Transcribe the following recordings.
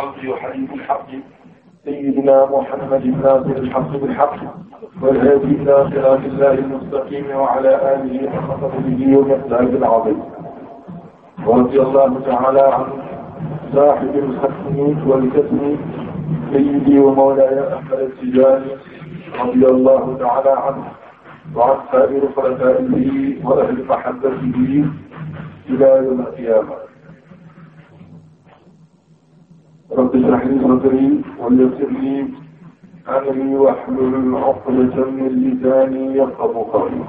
القلب وحبيب الحق سيدنا محمد الناظر الحق بالحق والهادي الى صراط الله المستقيم وعلى اله وصحبه يوم السعيد العظيم ورضي الله تعالى عن صاحب الختم والكتم سيدي ومولاي احمد التجاني رضي الله تعالى عنه وعن سائر خلفائه واهل محبته الى يوم القيامه رب اشرح لي صدري ويسر لي امري واحلل عقدة من لساني يفقه قولي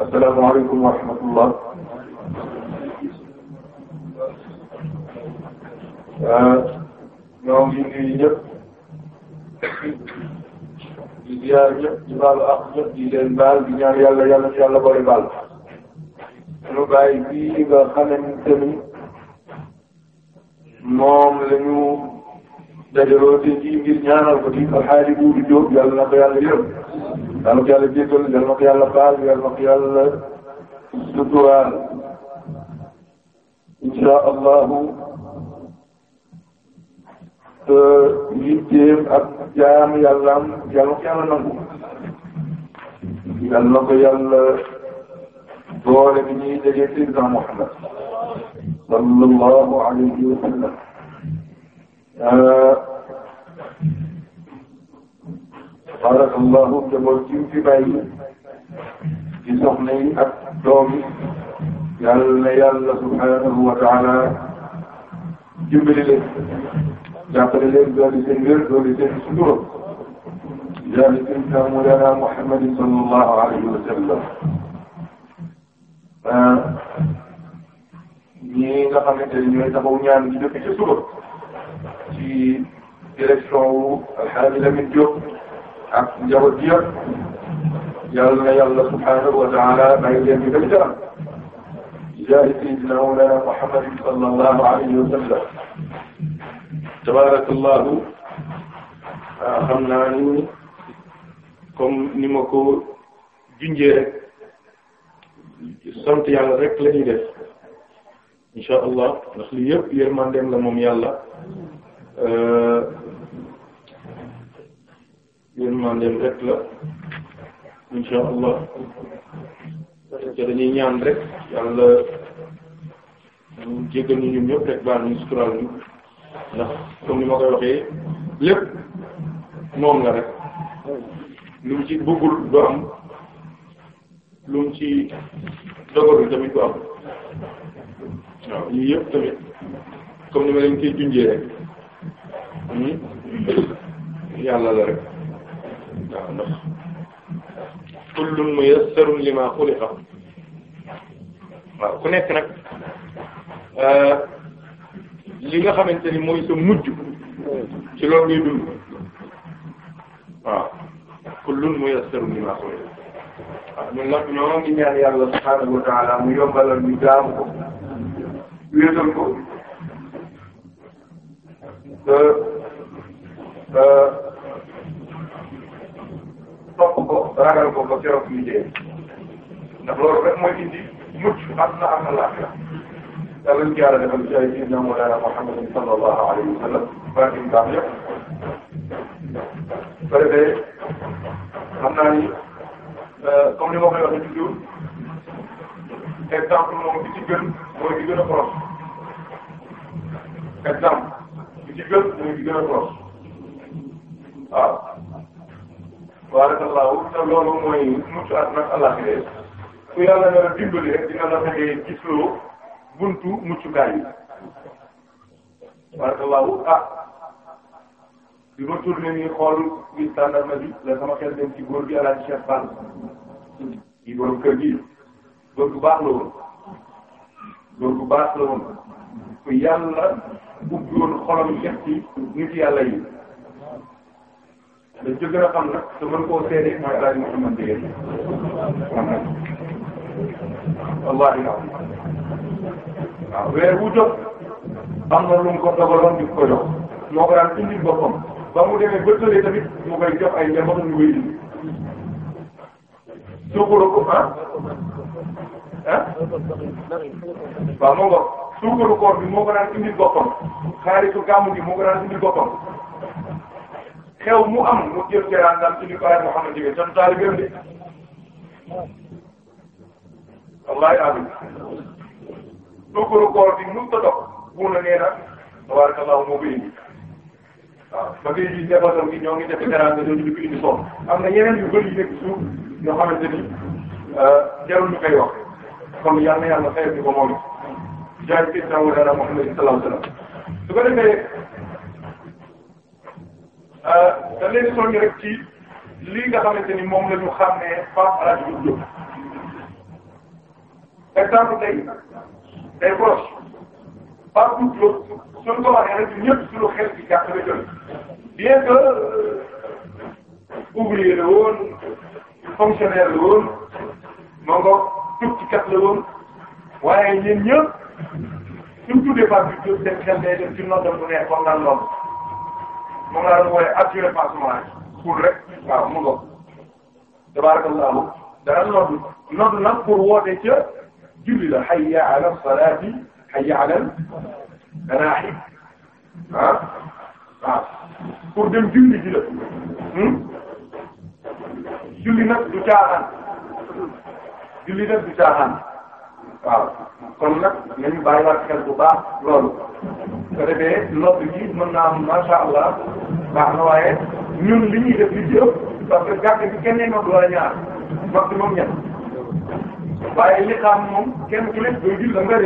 السلام عليكم ورحمة الله ñoo ngi nuyu ñëpp di ziar ñëpp di baal ak ñëpp di leen baal di ñaan yàlla yàlla yàlla boole baal sunu bàyyi bii nga xamante ni moom la ñu dajaloo te ji ngir ñaanal ko di alxaaji Buubu Jóob yàlla na ko yàlla yërëm yàlla na ko yàlla jéggal yàlla na ko yàlla baal yàlla na ko yàlla suturaal insha allahu te yitteem ak jaam yàllaam yàlla na ko yàlla nangu yàlla doole bi ñuy jege Seydina Muhammad sallallahu alayhi wa sallam euh, barakallahu jaboot ci fi bàyyi ci soxna yi ak doom yi yàlla na yàlla subhanahu wa taala dimbali leen jàppale leen dooli seen wér dooli seen sutura jaali seen taamu lana Muhammadin sallallahu alayhi wa sallam ñi nga xamante ne ñooy taxaw ñaan ci dëkk ci suba ci direction wu Alxaaji Lamin ak njaboot gi yëpp yàlla na yàlla subhaanahu wa taala may leen ñu dem jaram jaay sayidina mawlana Muhammad sallallahu alayhi wa sallam ah, ni comme ni ma ko sant yàlla rek la ñuy insha allah ndax lii yëpp yërmandeem la moom yàlla euh, yërmandeem rek la insha allah te dañuy ñaan rek yàlla jéggal ñu ñun ñëpp rek baal ñu suturaal ñu ndax comme ni ma koy waxee lépp moom la rek lu mu ci bëggul du am lu ci dogalul tamit bu am waaw yii yëpp tamit comme ni ma leen koy junjee rek hmm? yàlla la rek waaw ndax kullun muyassarun lima xuliqa waaw ku nekk nag euh, li nga xamante ni mooy sa mujj ci loolu ngay dund waaw kullun muyassarun lima xuliqa ñun nag ñoo ngi ñaan yàlla subhaanahu wa taala mu yombalal ñu jaamu ko wéetal ko te topp ko ragal ko ba keroog ñu dee ndax loolu rek mooy indi mucc am na am na laafia yàlla ñu yàlla defal ci ay sayyidina Mawlana Muhammadin sallallahu alayhi wa sallam baax yëpp ba defee xam naa ni Euh, comme li ma koy waxee toujours exemple moom bi ci gën mooy bi gën a proche exemple bi ci gën mooy bi gën a proche waaw. barakallahu te loolu mooy mucc àdduna ak àllaxira ku yàlla nar a dimbali rek dina la fekkee gisloo buntu muccukaay yi barakallahu ah. bi ma tourné nii xool bi tàndarma bi la sama xel dem ci góor gi alaaji Cheikh Fall ci borom kër gi góor gu baax la woon góor gu baax la woon ku yàlla ubbi woon xolam yëpp ci nit yàlla yi dañ ko gën a xam nag te mën koo seede mooy alaaji Mouhamad Dieng wallahi waaw weer wu jot am na lu mu ko dogaloon di ko jox ba mu demee bëttalee tamit mu koy jox ay njabootam ñu koy indi suukaru ko ah ah waaw moo ngoog suukaru koor bi moo ko daan indil boppam xaaritu gi moo ko daan indil boppam xew mu am mu jël gërëm daal indi ko ayib Mouhamad Ndieguène jot taal gërëm de wallaahi amiin suukaru koor bi mënut a dox bu na tabaarakallahu moo koy waaw ba ngay gis njabootam gi ñoo ngi def garaam ñoo ñu indi sonn am na yeneen yu bëri yu nekk suuf ñoo xamante ni euh, jarul ñu koy wax kon yal na yàlla xayma ñu ko moom it. jaay kii taw dara Muhammad sallallahu alayhi wa sallam su ko defee euh, da leen soññ rek ci lii nga xamante ni moom la ñu xam ne Pape El Hadj Diouf exemple tey day proche. Babou Diop suñ ko waxee rek ñëpp suñu xel ci jàpp na jël bien que euh, ouvrier la woon fonctionnaire la moo nga tukkikat la woon wax naan lool moom laa doon woowee assuré passement pour rek waaw mu ngoog tabarakallahu dara pour woote ca julli la hayya ala salaati ay jaaxal danaa xëy ah waaw pour dem julli ji la hmm? julli nag du caaxaan julli nag du caaxaan waaw kon nag nañu bàyyiwaat xel bu baax loolu su ko defee nopp yi mën naa am macha allah baax na waaye ñun li ñuy def li que gàtt bi kenn nopp wala ñaar maximum ñett waaye li xam moom kenn ku doy julli da nga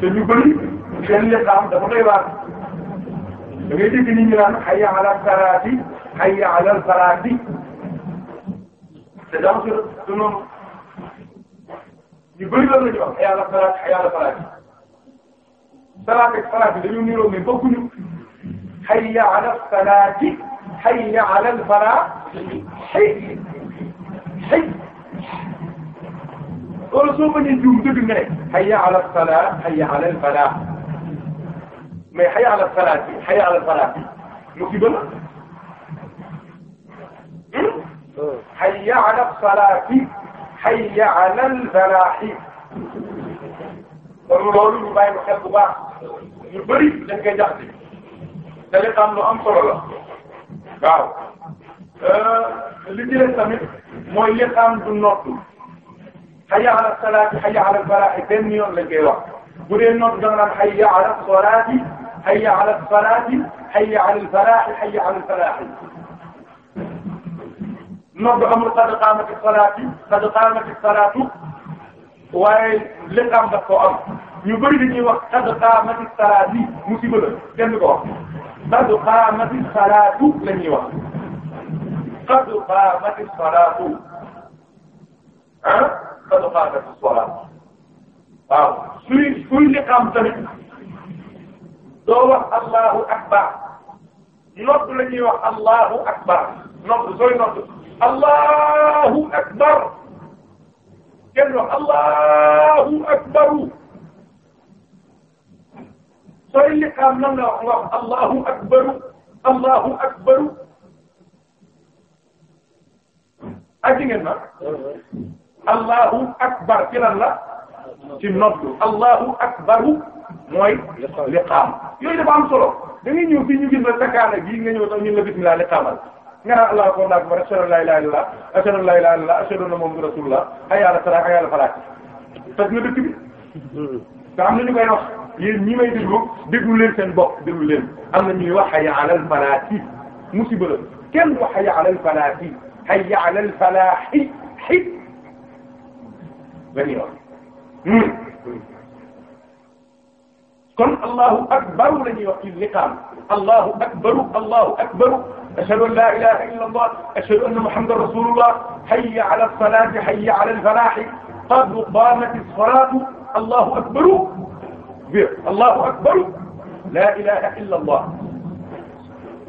te ñu bëri seen lislaam dafa doy waar da ngay dégg nit ñi naan hayya ala salaati hayya ala salaati te daa su su noonu ñu bëri loolu la ñu wax hayya ala salaati hayya ala salaati salaat ak salaat bi dañu niroo mais bokkuñu hayya ala salaati hayya ala falaah xëy xëy wala soo bañee juum dëgg nga ne hayya ala salaat hayya ala falaah mais hayya ala salaat bi hayya ala falaah bi musiba la hmm? hayya ala salaat bi hayya ala falaah kon loolu ñu bàyyi xel baax ñu bëri dañ koy jaxase da nga xam am solo la waaw euh, li ci des tamit mooy li du nottu hayya ala salaati hayya ala falaahi benn yoon lañ koy wax bu dee noonu da nga naan hayya ala salaati hayya ala salaati hayya ala falaahi hayya ala falaahi nodd amul qad qaamati salaati qad qaamati salaatu waaye liqaam daf koo am ñu bëri dañuy wax qad qaamati salaati musiba la kenn ko wax qad qaamati salaatu la ñuy wax qad qaamati salaatu ah kanu xaaral ko soxlaa waaw suy suy li xam tamit doo wax allahu akbar nodd la ñuy wax allahu akbar nodd sooy nodd allahu akbar kenn wax allahu akbaru sooy li xam nan la wax nga wax allahu akbaru allahu akbaru aji ngeen na allahu akbar ci lan la ci noddu allahu akbaru mooy liqaam yooyu dafa am solo da ngay ñëw fii ñu gis la sakaana gii nga ñëw sax ñun la bismillah liqaamal nga naan allahu akbar ashhadu an la ilaha illallah ashhadu an la ilaha illallah ashhadu anna muhammadan rasulullah hayya ala salaah hayya ala falaah tas na dëkk bi te am na ñu koy wax yéen ñi may déglu déglu leen seen bopp déglu leen am na ñuy wax hayya ala al-falaati musiba la kenn wax hayya ala al-falaati hayya ala al-falaahi benn yoon hmm. kon allahu akbaru la ñuy wax ci liqaam allahu akbaru allahu akbaru ashhadu an la ilaha illa allah ashhadu anna muhammadan rasulullah hayya ala salaati hayya ala alfalaahi qad qaamati salaatu allahu akbaru biir allahu akbaru la ilaha illa allah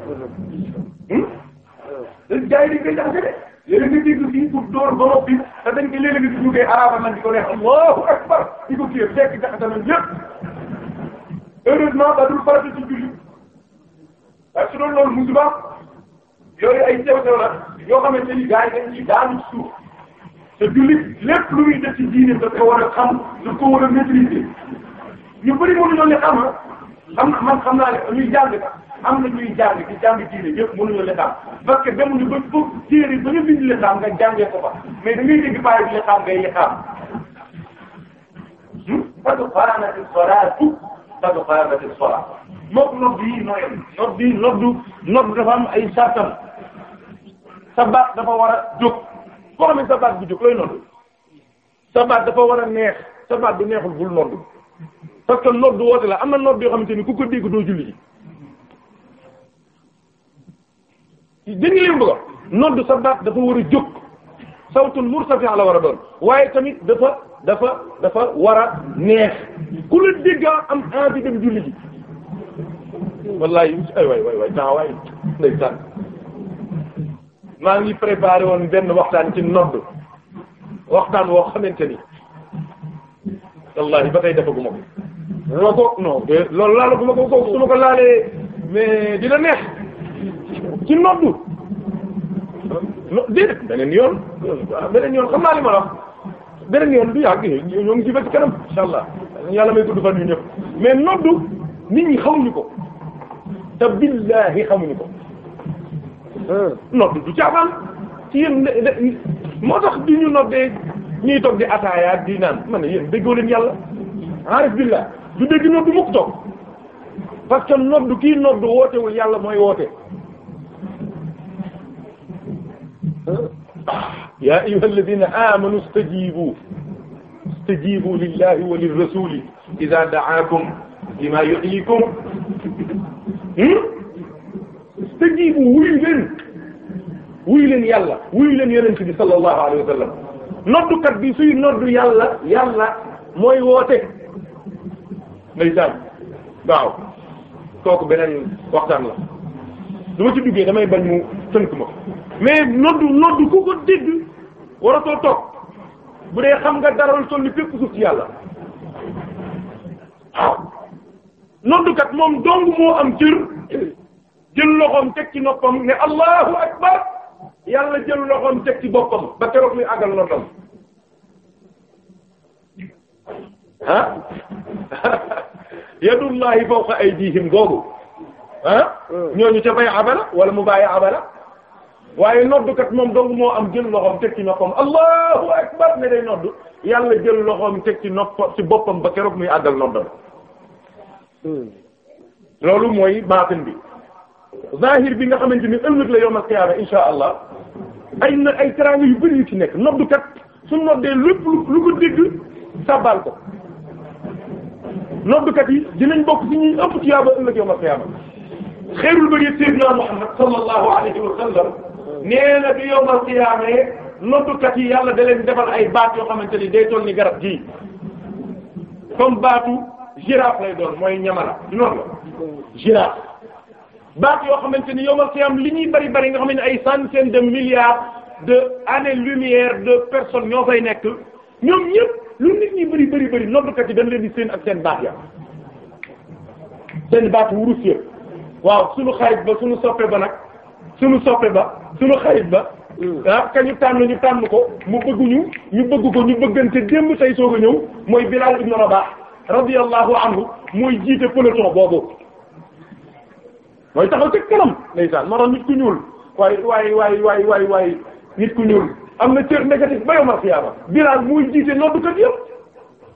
hmm? gars yi dañ koy jaxase de léeg-léeg nga dégg fii pour door ba noppi te dañ koy léeg-léeg nga jógee man di ko neex allahu akbar di ko kii fekk jaxase nañ lépp heureusement ba dul farata ci julli parce que loolu loolu musiba yooyu ay jafe-jafe la yoo xamante ni gars yi dañ ciy daanu suuf te julli lépp lu muy def ci diine daf ko war a xam daf ko war a maîtriser ñu bëri mënuñu xam nga ah, man xam naa ne ñuy jàng am na ñuy jàng ci jàng diine yëpp mënuñu lislaam parce que demuñu ba ba téere ba nga bind lislaam nga jàngee ko fa mais da ngay dégg bàyyi bi lislaam ngay lislaam qad qaamati salaatu qad qaamati salaatu mook nodd yi nooyam nodd yi noddu nodd dafa am ay sartam sa baat dafa war a jóg foo xam ne sa baat bu jóg looy nodd sa baat dafa war a neex sa baat bu neexul bul nodd parce que nodd woote la am na nodd yoo xamante ni ku ko dégg doo julli ji dégg nga li mu bëgg a noddu dafa war a jóg sawtun murtafi' la war a doon waaye tamit dafa dafa dafa war a neex ku la dégga am envie dem julli wallahi ay waay waay waay temps waay ndeysaan maa ngi préparé woon benn waxtaan ci nodd waxtaan woo xamante ni wallahi ba tey dafa gu ma ko ma ko non dina neex ci noddu no déedéet beneen yoon beneen yoon xam naa li ma wax beneen yoon du yàgg ñoo ci bëgg kanam insha allah yàlla may gudd fan yu ñëpp mais noddu ni ñi xamuñu ko te billaahi xamuñu ko noddu du caaxaan ci yéen moo tax du ñu noddee ñuy toog di ataayaat di naan man ne yéen déggoo leen yàlla arif billah du noddu mukk toog parce que noddu kii noddu wootewul yàlla mooy woote yaa ayyuha alladina amanu stajibu stajibu lillahi wa lirrasuli ida daakum lima yuhyikum hmm? stajibu wuyu leen wuyu leen yàlla wuyu leen yonent bi sallallahu alayhi wa sallam noddukat bi suy noddu yàlla yàlla mooy woote ndeysaan waaw kooku beneen waxtaan la du ma ci duggee damay bañ mu tënk ma mais noddu noddu ku ko dégg waratoo toog bu dee xam nga dara lu toll ni suuf ci yàlla waaw noddukat moom dong moo am cër jël loxoom teg ci noppam ne allahu akbar yàlla jël loxoom teg ci boppam ba keroog muy àggal noddam ah yadullahi fawqa aydihim googu ah hmm. ñooñu ca bay abala wala mu bàyyi abala waaye noddukat moom dong moo am jël loxoom teg ci noppam allahu akbar ne day noddu yàlla jël loxoom teg ci noppam ci boppam ba keroog muy àggal noddam hmm. loolu mooy baatin bi zahir bi nga xamante ni ëllëg la yawmal qiyaama insha allah ay na ay teraanga yu bari yu ci nekk noddukat su noddee lépp lu ko dégg sabbal ko noddukat yi dinañ bokk ci ñuy ëpp tuyaaba ëllëg yawmal qiyaama xeyrul bariyya sayyidina Muhammad sallallahu alayhi wa nee na bi yawmal qiyaama noddukat yi yàlla da leen defal ay baat yoo xamante ni day toll ni garab gii comme baatu girafe lay doon mooy ñamara noonu baat yoo xamante ni yawmal qiyaama li ñuy bari bari nga xam ne ay centaines de milliards de années lumière de personnes ñoo fay nekk ñoom ñëpp. lu nit ñi bëri bëri bëri noddkat yi dañ leen di seen ak seen baat ya seen baat wurus ya waaw suñu xarit ba suñu soppe ba nag suñu soppe ba suñu xarit ba hmm. ah kañu tànn ñu tànn ko mu bëgguñu ñu bëgg ko ñu bëggante démb tey soog a ñëw mooy Bilal ibn Rabah radiyallahu anhu mooy jiite peloton boobu mooy taxaw ci kanam ndeysaan moo tax nit ku ñuul waaye waaye waaye waaye waaye waaye nit ku ñuul am na cër négatif ba yawmal xiyaama Bilaal muy jiite noddukat yëpp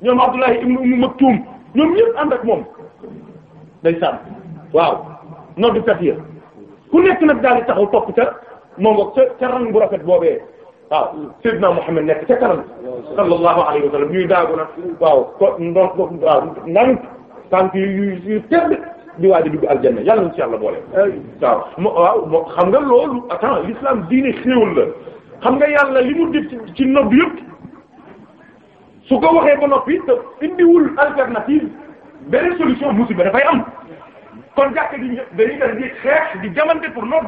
ñoom Abdullahi ibnu Umm Maktum ñoom ñëpp ànd ak moom day sàmm waaw noddukat yëpp ku nekk nag daal di taxaw topp ca moom ak ca ca rang bu rafet boobee waaw Seydina Muhammad nekk ca kanam sallallahu alayhi wa sallam ñuy daagu na waaw ko ndox waaw ndànk tànk yu yu tedd di waaj a dugg aljanna yàlla na ci yàlla boole. waaw mo waaw xam nga loolu attends l'islam diine xéewal la. xam nga yàlla li mu def ci nodd yëpp su ko waxee ba noppi te indiwul alternative beneen solution musiba dafay am kon jàkk di dañuy def di di jamante pour nodd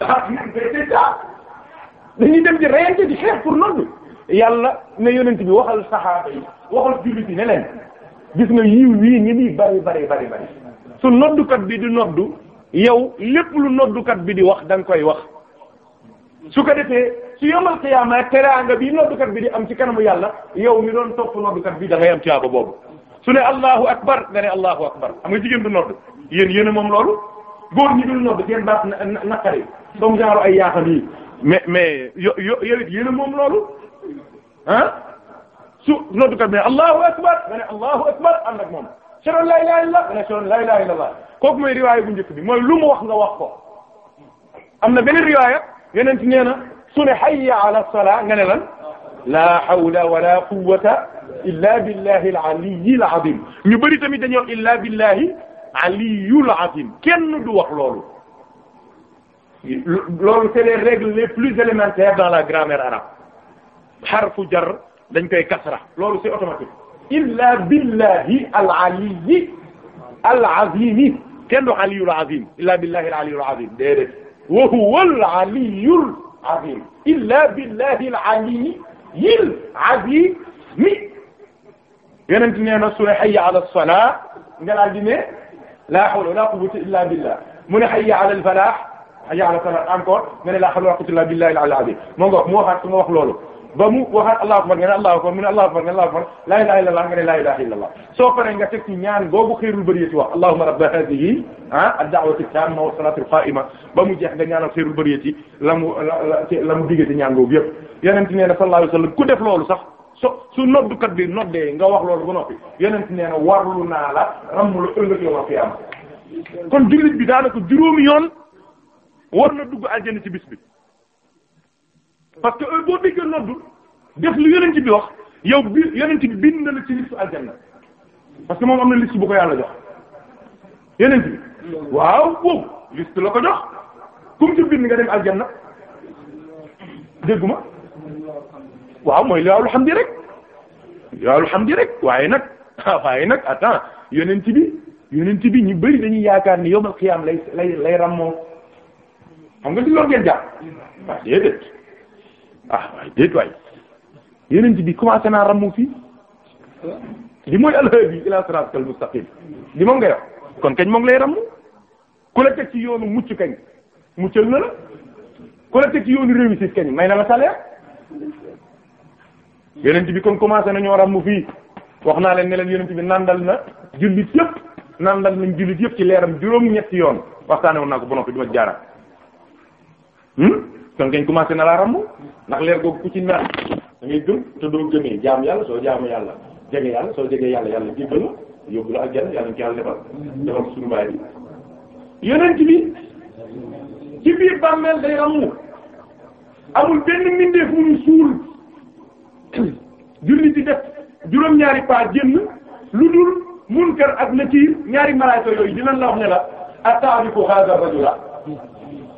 ah, dañuy dem di reyante di xeex pour nodd yàlla ne yonent bi waxal saxaaba yi waxal jullit yi ne leen gis nga yiw wii ñi muy bari bari bari bari su noddukat bi di noddu yow lépp lu noddukat bi di wax da koy wax su ko defee su yomal qiyaama teraanga bi noddukat bi di am ci kanamu yàlla yow mi doon topp noddukat bi da ngay am tiyaaba boobu su ne allahu akbar nga ne allahu akbar am nga jigéen du nodd yéen yéen a moom loolu góor ñi dul nodd seen baat naqari comme yi mais mais yo yo yow it yéen a moom loolu ah su noddukat bi ne allahu akbar nga ne allahu akbar ànd ak moom shalon la ilaha illallah nga ne la ilaha illallah kooku mooy riwaaya bu njëkk bi mooy lu mu wax nga wax ko am na beneen riwaaya yonent nee na su ne hayya ala salaa nga ne lan la hawla wala quwwata illa billahi al-aliyyi al-azim ñu bëri tamit dañuy wax illa billahi aliyyul azim kenn du wax loolu loolu c'est les règles les plus élémentaires dans la grammaire arabe xarfu jar dañ koy kasra loolu c'est automatique illa billahi al-aliyyi al-azim kenn du wax aliyul azim illa billahi al-aliyul azim déedéet wa huwa al-aliyyul azim illa billahi al-aliyyil azim yonent nee na su ne hayya ala salaa nga daal di ne laa hawla wala quwwata illa billah mu ne hayya ala al falah hayya ala falah encore nga ne laa hawla wala quwwata illa billahi al-ali al-azim moo nga moo waxaat su ma wax loolu ba mu waxaat allahu akbar nga ne allahu akbar mu ne allahu akbar nga ne allahu akbar la ilaha illallah nga ne la ilaha illallah soo paree nga teg ci ñaan googu xayrul bariyati wax allahumma rabba hadihi ah ad-da'wati tamma wa salatu al-qa'ima ba mu jeex nga ñaanal xayrul bariyati la mu la mu diggante ñaan googu yëpp yonent nee na sallallahu alayhi wasallam ku def loolu sax so su noddukat bi noddee nga wax loolu ba noppi yonent nee na warlu naa la rammu la ëllëg yow fi am kon jullit bi daanaka juróomi yoon war na dugg aljana ci bis bi parce que heure boo déggee noddu def lu yonent bi wax yow bi yonent bi bind na la ci liste aljanna parce que moom am na liste bu ko yàlla jox yonent bi waaw boobu liste la ko jox comme ci bind nga dem aljanna dégguma waaw mooy li alhamdi rek li alhamdi rek waaye nag waaye nag attends yonent bi yonent bi ñu bari lañuy yaakaar ni yowmal xiyaam lay lay lay rammoo xam nga ci loolu ngeen jàpp waaw déedéet ah waay déet waay yeneen bi commencé naa rammu fii li mooy alhaadi ila siraatal mustaqim li moom ngay kon kañ moom lay rammu ku la teg ci yoonu mucc kañ muccal na la ku la teg ci may na la salaire yeneen bi kon commencé nañoo rammu fii wax naa leen ne leen yeneen bi nandal na jullit yëpp nandal nañ jullit yëpp ci leeram juróom ñetti yoon waxtaane woon naa ko ba noppi du ma jaaraat hmm? kon kay commencé na laa ràmm ndax leer googu ku ci naan da ngay gëm te doo gëmee jaam yàlla soo jaamu yàlla jege yàlla soo jegee yàlla yàlla jéggal la yóbbu la ak yàlla yàlla ci yàlla defal defal suñu baay bi yonent amul benn mbindeef mu ñu suul julli di def juróom-ñaari pas génn lu dul munkar ak nakiir ñaari malaaka yooyu dinañ la ne la ata'rifu hadha rajula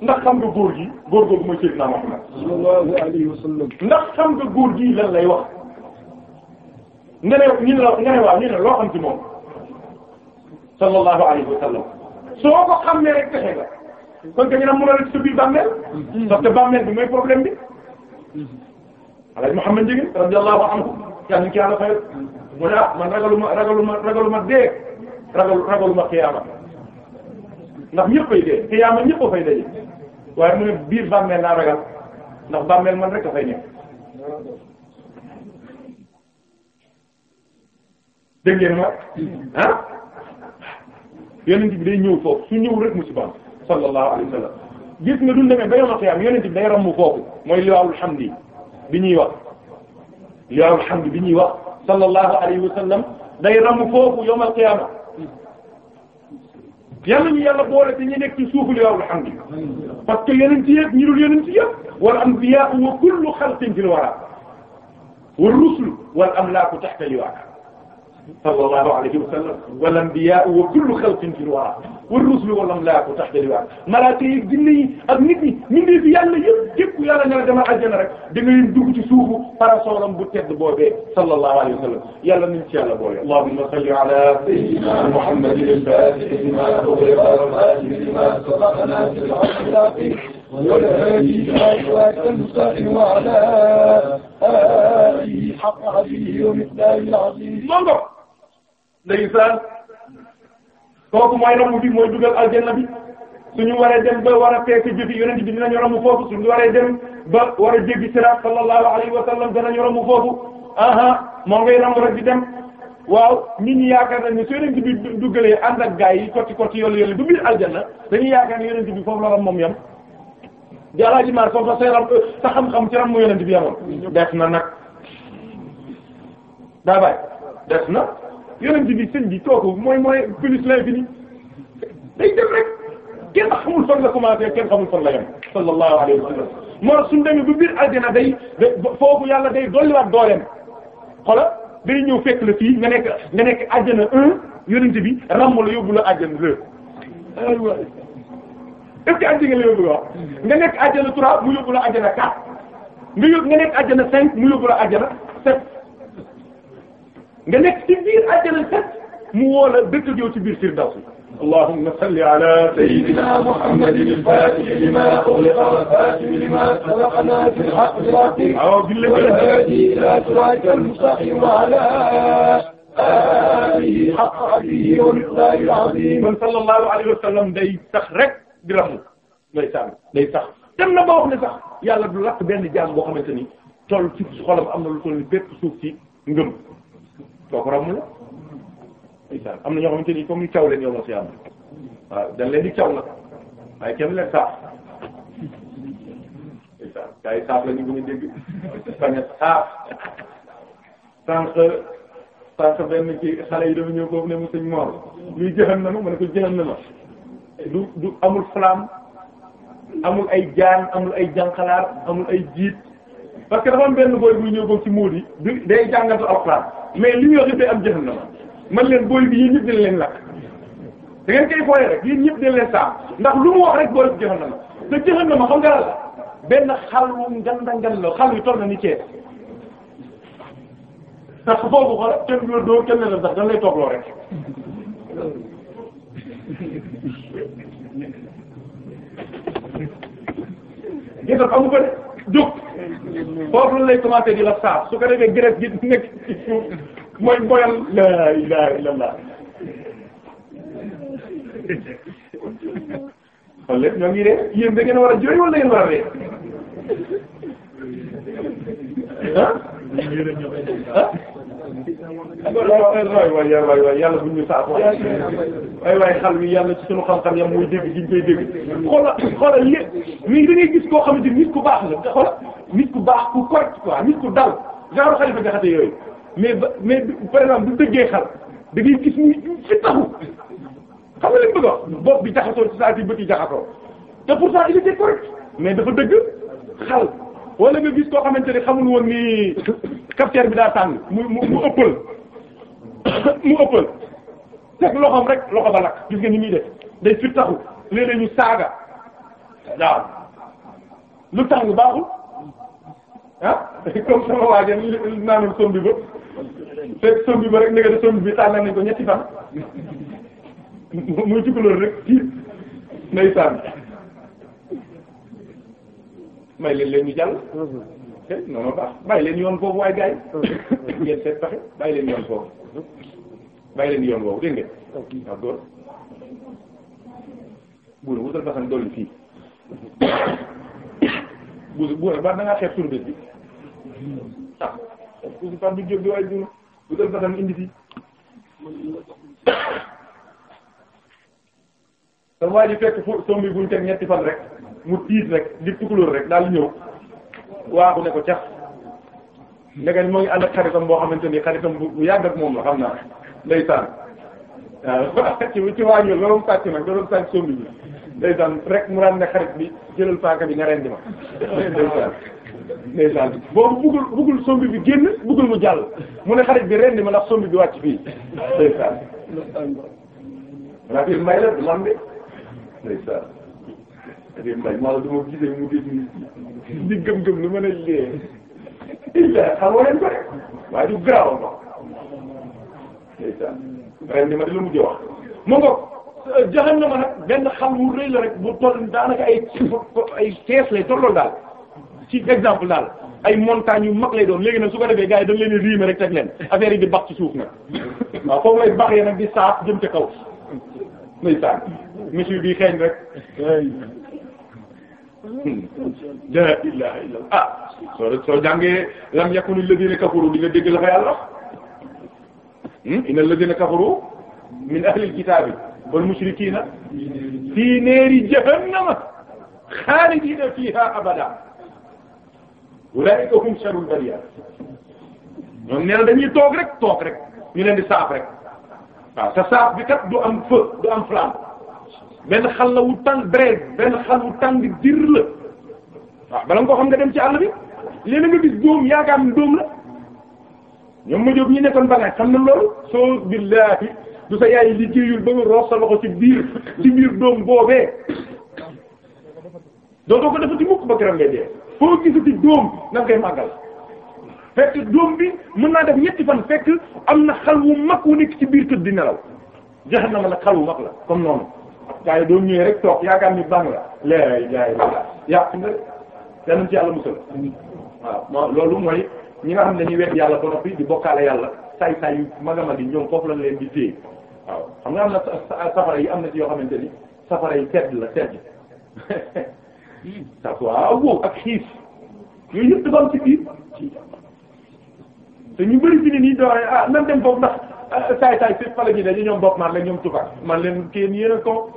ndax xam nga góor gi góor googu mooy Seydina Muhammad sallallahu alayhi wa sallam ndax xam nga góor gi lan lay wax nga ne ñu ne la nga ne waaw ñu ne loo xam ci moom sallallahu alayhi wa sallam soo ko xam ne rek fexe nga kon que ñu ne mënoo rek sa biir bàmmeel parce que bàmmeel bi mooy problème bi Alaaji Muhammad Ndiéguène radiyallahu anhu yàlla nañu ci yàlla fayal mu ne ah man ragaluma ragaluma ragaluma dee ragal ragaluma xiyaama ndax ñëpp ay dee xiyaama ñëpp a fay daje waaye mu ne biir bàmmeel naa ragal ndax bàmmeel man rek a fay nekk dégg ngeen ma ah yonent bi day ñëw foofu su ñëw rek musiba sallallahu alayhi wa sallam gis nga duñ demee ba yoon a xiyaam yonent bi day romb foofu mooy liwaawul hamdi bi ñuy wax liwaawul hamdi bi ñuy wax sallallahu alayhi wa sallam day romb foofu yawmal qiyaama yàlla ñu yàlla boole te ñu nekk ci suufu li wàllu xam parce que yeneen ci yëpp ñu dul yeneen ci yëpp wal anbiya wa kullu xalqin fil wara wa rusul wal amlaaku tahta liwaaka sallallahu alayhi wa sallam wal anbiya wa kullu xalqin fil wara wa rusul wal amlaaku tahta liwaat malaaka yi jinne yi ak nit ñi ñu ngi fi yàlla yëpp képp yàlla nga demal àjjana rek da ngay dugg ci suufu parasolam bu tedd boobee sallallahu alayhi wa sallam yàlla nañ ci yàlla boole allahumma salli ala sayyidina muhammadin al-faatihi lima ughliqa wal khaatimi lima sabaqa naasir al-haqqi والهادي صراطك المستقيم وعلى آله حق قدره ومقداره العظيم ndeysaan kooku mooy romb bi mooy dugal aljanna bi suñu waree dem ba war a fekk jëfi yonent bi dinañu romb foofu suñu waree dem ba war a jéggi siraat sallallahu alayhi wa sallam danañu romb foofu aha moo ngay na rek di dem waaw nit ñi yaakaar nañ ne su yonent bi duggalee ànd ak gaa yi koti koti yoolu yoolu du biir aljanna dañuy yaakaar ne yonent bi foofu la moom yam di alaaji maar foofu la sa xam-xam ci ram mu yonent bi yamoon des na na yonent bi sëñ bi kooku mooy mooy plus l'infini day dem rek kenn xamul fan la commencé kenn xamul fan la yem sallallahu alayhi wa sallam moo suñ demee bu biir aljana day foofu yàlla day dolliwaat dooleem xola day ñëw fekk la fii nga nekk nga nekk aljana un yonent bi ràmm la yóbbu la aljana deux aywa est-ce que aljana la yóbbu la nga nekk aljana trois mu yóbbu la aljana quatre nga yóbbu nga nekk aljana cinq mu yóbbu la aljana sept nga nekk ci biir àjjana kat mu woo la dëkk yow ci biir firdaws allahumma salli ala sayyidina muhammadin al-fatihi lima ughliqa wal-khatimi lima sabaqa nasir al-haqq bil-haqq wal-hadi ila siratika al-mustaqim wa ala alihi haqqa qadrihi wa miqdarihi al-azim man sallallahu alayhi wa sallam day tax rek di ramu day sax day tax dem na ba wax ne sax yàlla du lakk benn jaam boo xamante ni toll ci xolam am na lu toll ni bépp suuf ci ngëm kooku ramu la isaan am na ñoo xamante ni comme ñu caw leen yow ma si am waaw dañ leen di caw la waaye kenn leen saaf isaan gaa yi saaf la ñu gën a dégg saña saaf sànq sànq benn ci xale yi dafa ñëw foofu ne mu sëñ moor luy jëxan na ma ma ne ko jëxan na ma du du amul flamme amul ay jaan amul ay janqalaar amul ay jiit parce que dafa am benn booy buy ñëw ko ci muul yi du day mais li ñu wax day am jëfandama man leen booy bi yéen ñëpp dañ leen lakk da ngeen koy rek yéen ñëpp dañ leen saam ndax lu mu wax rek booy bi jëfandama te jëfandama xam nga la benn xal wu nganda ngan la xal yu toll na ni ceeb ndax boobu xool kenn du la doo kenn la sax dañ lay toogloo jóg foofu lay commencé di la saar su ko defee graisse gi nekk ci suuf mooy boyal la ilaha illallah kon lépp ñoo ngi ree yéen da ngeen war a jooy wala da ngeen war a ree waay waay waay waay yàlla buñ ñu saako waay xal wi yàlla ci sunu xam-xam yam muy dégg giñ koy dégg xoola xoola yé mais da ngay gis koo xamante ni nit ku baax la nga xoola nit ku baax ku correct quoi nit ku dal genre a jaxate yooyu mais ba mais par exemple bu dëggee xal da ngay gis muy ci taxu xam nga li mu bëgg a wax bopp bi jaxasoo ci saa si bët yi jaxasoo te pourtant il était correct mais dafa dëgg xal wala nga gis koo xamante ne xamul woon ni capteur bi daa tàng mu mu mu ëppal mu ëppal teg loxoom rek loxo ba lakk gis nga ni muy def day fi taxu léeg-léeg ñu saaga waaw lu tàng baaxul ah comme sama waa ngeen naanul sombi ba fekk sombi ba rek ndekete sombi bi tànnal nañ ko ñetti fan muy ci couleur rek tiit ndeysaan may leen leen ñu jàll te mhm. noonu baax bàyyi leen yoon boobu waaye gars yi mhm. ngeen seet taxe bàyyi leen yoon boobu bàyyi leen yoon boobu dégg ngeen waaw góor buur wutal basan dolli fii buur buur baax da ngaa xeeb turbis bi ah buur baax du jóg di waaye buur wutal basan indi fii sa waa ji fekk fu sombi buñ teg ñetti fan rek mu tiit rek di tukulóor rek daal ñëw waaxu ne ko cax ndeke moo ngi ànd ak xaritam boo xamante ni xaritam bu bu yàgg ak moom la xam naa ndeysaan waaw ci ci waa ñuul loolu sàcc nag loolu sàcc sombi bi ndeysaan rek mu ne xarit bi jëlal paaka bi nga rendi ma ndeysaan ndeysaan boobu buggul buggul sombi bi génn buggul mu jàll mu ne xarit bi rendi ma ndax sombi bi wàcc fii ndeysaan rapide may la du man bi ma ma du ma gisee mu def nii di gëm-gëm lu mën a liggéey illa xamoo leen ko di ma di lu mujj wax mu ngo euh, ma nag benn xam wu rëy la rek bu toll daanaka ay ay tees lay tollool daal ci exemple daal ay montagnes yu mag lay doon léegi nag su ko defee gars yi dañ leen riime rek teg leen affaire yi di bax ci suuf nag waaw foofu lay baxee nag di saaf jëm ca kaw ndeysaan monsieur bi xeeñ rek Hmm. la ilaha illallah ah soo soo jàngee lam yakunu alladhina kafaru di nga dégg la fa yàlla hmm? inna alladhina kafaru min ahli alkitabi wal mushrikina fi nari jahannama khalidina fiha abada ulaika hum sharrul bariya ñoom nee na dañuy toog rek toog rek ñu leen di saaf rek waaw te saaf bi kat du am feu du am flamme benn xal la wu tàng braise benn xal wu tàng dir la waaw bala nga koo xam nga dem ci àll bi léena nga gis dóom yaakaar ni dóom la ñoom ma ñu nekkoon bagaay xam ne loolu soo billaahi du sa yaay liggéeyul ba nga roos sa loxo ci biir ci biir dóom boobee dootoo ko dafa ci mukk ba këram ngay dee foo gisati dóom na nga koy màggal fekk dóom bi mën naa def ñetti fan fekk am na xal wu mag wu nekk ci biir tëdd di nelaw jaxat na ma nag xal wu mag la comm noonu gaa yi doo ñëwee rek toog yaakaar ni baax nga léegi gaa yi yàq nga danañ ci yàlla musal waaw moo loolu mooy ñi nga xam ne dañuy wedd yàlla ba noppi di bokkaale yàlla say say yu mag a mag yi ñoom foofu lañ leen di téye waaw xam nga am na safara yi am na ci yoo xamante ni safara yi sedd la sedd waaw boobu ak xiif yooyu yëpp dafa am ci biir te ñu bëri fi ne nii doore ah nan dem foofu ndax saay saay fépp fa la ñuy daje ñoom bopp man la ñoom tubaab man leen kenn yéen a ko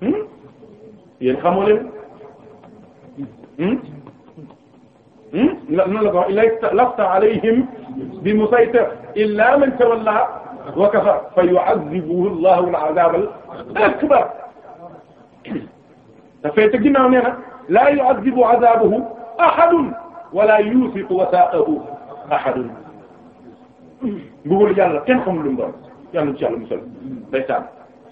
hmm? yéen xamoo leen hmm? hmm? noonu la ko wax lasta alayhim bi musaytir illa man tawalla wa kafar fa yu'adhibuhu Allahu al-'adhab al-akbar dafay te ginnaaw nee na la yu'adhibu 'adhabahu ahadun wala yusiqu wathaqahu ahadun mbugalu yàlla kenn xamul lu mu doon yàlla ci yàlla musal day saan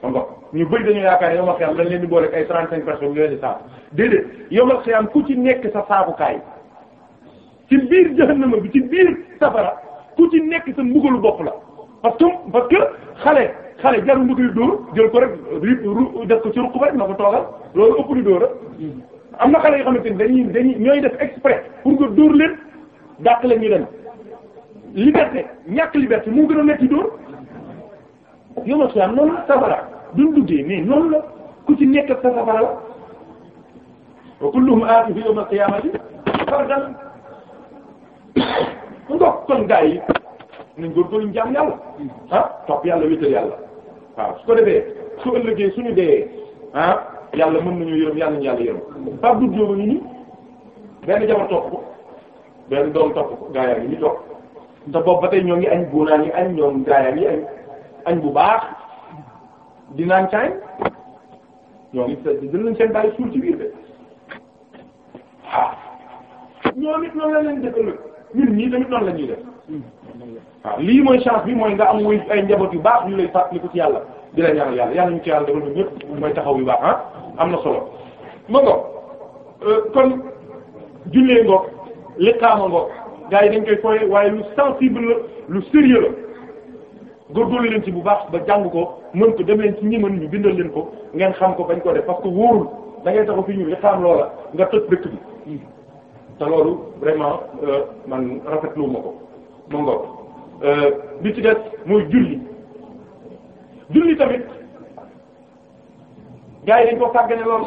ma ngo ñu bëri dañu yaakaar yomal xiyam dañ leen di boole ay trente cinq personnes ñu leen di saabu déedéet yomal xiyam ku ci nekk sa saabukaay ci biir jahannama bi ci biir safara ku ci nekk sa mbugalu bopp la parce que parce que xale xale jarul nga koy dóor jël ko rek ru def ko ci ruq ba rek na ko toogal loolu ëpp lu dóor am na xale yoo xamante ni dañuy dañuy ñooy def exprès pour nga dóor leen dàq leen ñu liberté ñàkk liberté moo gën a metti dóor yow ma suy am la safara duñ duggee mais noonu la ku ci nekk sa safara la wa kulluhum aatihi yawmal qiyaamati fardan ndox kon gaa yi nañ góorgóorlu ñu jaam yàlla ah topp yàlla wéetal yàlla waaw su ko defee su ëllëgee suñu dee ah yàlla mën nañu yërëm yàlla ñu yàlla yërëm Pape Doudou Diop a ngi nii benn jabar topp ko benn doom topp ko gaa yaa ngi ñu te boobu ba tey ñoo ngi añ góonaa ngi añ ñoom gaayaa añ bu baax di naan caay ñoo ngi jël nañ seen bàyyi suur ci biir de waaw ah, ñoom it noonu la leen def ñun ñii ah, lii mooy chance bi mooy nga am muy ay njaboot yu baax ñu lay fàttaliku ci yàlla di la ñaanal yàlla yàlla ñu ci yàlla defal ñun ñëpp mooy taxaw yu baax ah am na solo ma ngoog euh, kon jullee ngoog liqaama ngoog gars yi dañ koy fooye waaye lu sensible la lu sérieux la góorgóorlu leen ci bu baax ba jàng ko mën ko dem leen ci ñi mën ñu bindal leen ko ngeen xam ko bañ ko def parce que wóorul da ngay taxaw fi ñu li xam loola nga toj dëkk bi te loolu vraiment euh, man rafetlu ma ko ma ngoog bi euh, ci des mooy julli julli tamit gars yi dañ ko sàggane lool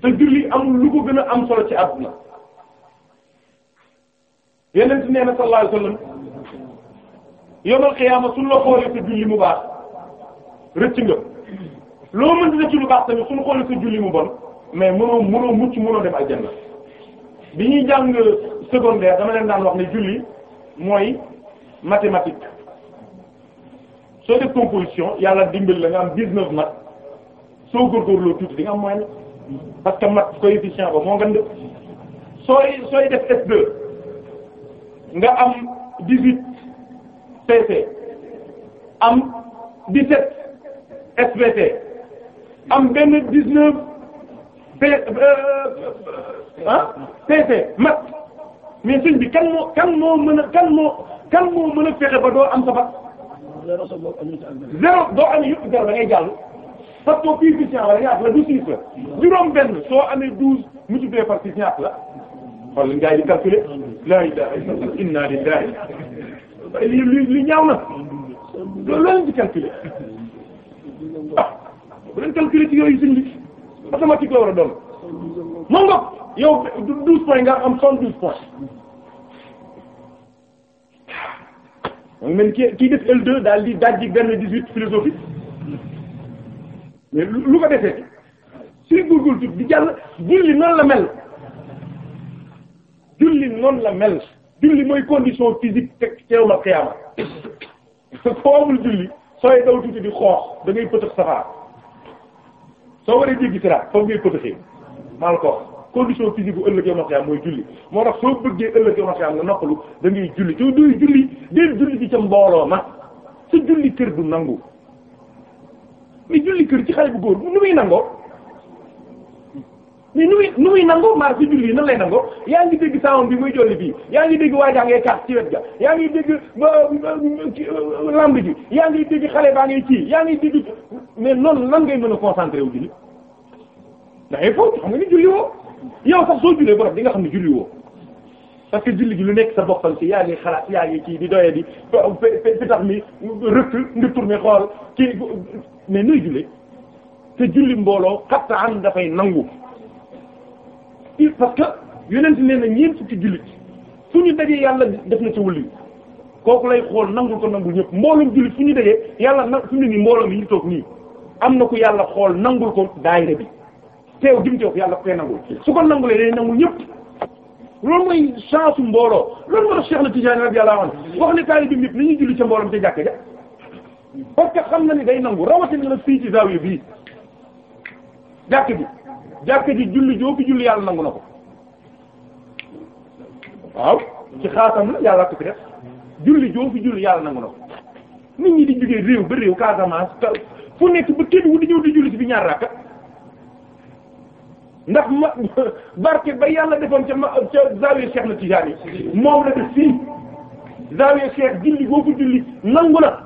te julli amul lu ko gën a am solo ci àdduna yeneen si nee na sallallahu alayhi wasallam su xiyaama suñ la xoolee sa julli mu baax rëcc nga loo mën di rëcc lu baax tamit suñ xoolee sa julli mu bon mais mënoo mënoo mucc mënoo dem aljanna bi ñuy jàng secondaire dama leen daan wax ne julli mooy mathématique soo def composition yàlla dimbali la nga am 19 mat soo góorgóorloo tuuti di nga am moyenne parce que mat coefficient ba moo gën de sooy sooy def S2. nga am dix-huit PC am dix-sept SVT am benn dix-neuf ah euh, PC mat mais sëñ bi kan moo kan moo mën a kan moo kan moo mën a fexe doo am sa bac zéro doo amee yëpp zéro ngay jàll parce que fii fii si ñaata la ñaata la du six la juróom benn soo amee douze multiplié par six ñaata la xool li gars yi di calculé la ilaha illallah inna lillahi li li na loolu leen di calculé ah bu leen calculé ci yooyu suñ la war a doon moom yow douze points nga am soixante-douze points moom men ki kii def L2 daal di dajji benn dix-huit philosophie mais lu ko defee suy góorgóorlu di jàll julli julli noonu la mel julli mooy condition physique teg teew ma xiyaama foowul julli sooy daw tuuti di xoox da pëtëx safar soo waree jéggi siraat foofu ngay pëtëxee maal ko condition physique bu ëllëg yow ma xiyaam mooy julli moo tax soo bëggee ëllëg yow ma xiyaam nga noppalu da julli te duy julli deel julli ci ca mbooloo ma sa julli kër du nangu mais julli kër ci xale bu góor nu muy nangoo mais nu muy nu muy nangoo maar ci julli nan lay nangoo yaa ngi dégg saawam bi muy jolli bii yaa ngi dégg waajaa ngay kaat ci wet ga yaa ngi dégg ba lamb ji yaa ngi dégg xale baa ngay ci yaa ngi dégg mais noonu lan ngay mën a concentré wu julli dangay foofu xam nga ni julli woo yow sax soo jullee borom di nga xam ne julli woo parce que julli gi lu nekk sa boppam ci yaa ngi xalaat yaa ngi kii di doye di fi tax mi rëkk nga tourné xool kii mais nuy jullee te julli mbooloo xatta am dafay nangu il parce que yonent nee na ñeent fukki jullit su ñu dajee yàlla def na ci wëllu kooku lay xool nangul ko nangul ñëpp mboolum jullit fu ñu dajee yàlla na fu mu ne nii mbooloo mi ñu toog nii am na ku yàlla xool nangul ko daayira bi teew jim teew yàlla koy nangul su ko nangulee day nangul ñëpp loolu mooy chance mbooloo loolu moo tax Cheikh na Tidiane radiyallahu anhu wax ne taalibe bi ñëpp nañuy julli ca mbooloom ca jàkka ja parce que xam na ni day nangu rawatina nag fii ci zaawiya bii bi jàkka ji julli joo julli yàlla nangu na ko waaw ci xaasam la yàlla ko fi def julli joo julli yàlla nangu na ko nit ñi di jógee réew ba réew Casamance tal nekk ba kédu wu di ñëw di julli ci fi ñaar ba yàlla defoon ca ma ca zawiya Cheikh na Tijaani moom la def fii zawiya Cheikh julli goo fi julli nangu na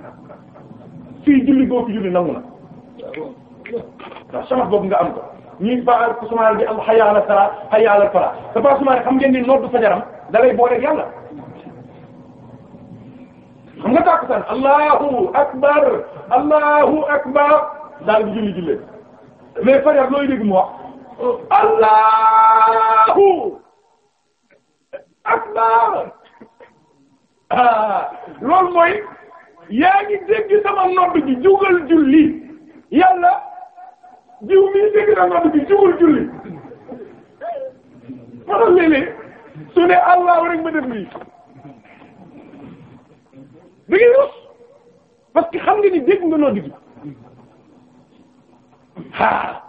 fii julli goo julli nangu na sama bopp nga am ko ñuy baaxal ko sumaar bi am hayya ala sala hayya ala fala xam ngeen ni noddu fajaram da lay booleeg yàlla. xam nga tàkkusaan allahu akbar allahu akbar daal di julli jullee mais fajar looy dégg mu allahu akbar ah, loolu mooy yaa ngi dégg sama nodd ji jugal julli yàlla jiw mii dégg naa nodd bi jiwul julli ma tax léeg su ne allahu rek ma def lii da ngay rus parce que xam nga ni dégg nga nodd gi haa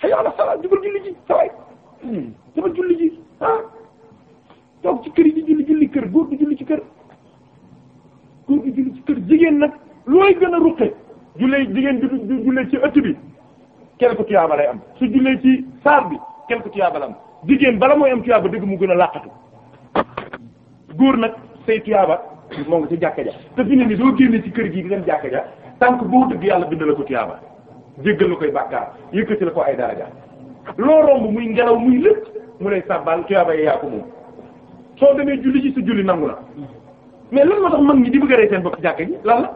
xëy na salaat julli ji saway jugal julli ji ah toog ci kër yi di julli julli kër góor di julli ci kër góor di julli ci kër jigéen nag looy gën a ruqe jullee jigéen di jullee ci ëtt bi quelque tuyaaba lay am su jullee ci saar bi quelque tuyaaba la am jigéen bala mooy am tuyaaba dëgg mu gën a làqatu góor nag say tuyaaba moo nga ci jàkka ja te fi ne ni doo génne ci kër gi di dem jàkka ja tànk boo dëgg yàlla bind la ko tuyaaba jéggal la koy bàkkaar yëkkati la ko ay daraja loo romb muy ngelaw muy lépp mu lay sàbbal tuyaaba yee yaa ko moom soo demee julli ci sa julli nangu na mais lan moo tax mag ñi di bëgg a rey seen bopp jàkka ji lan la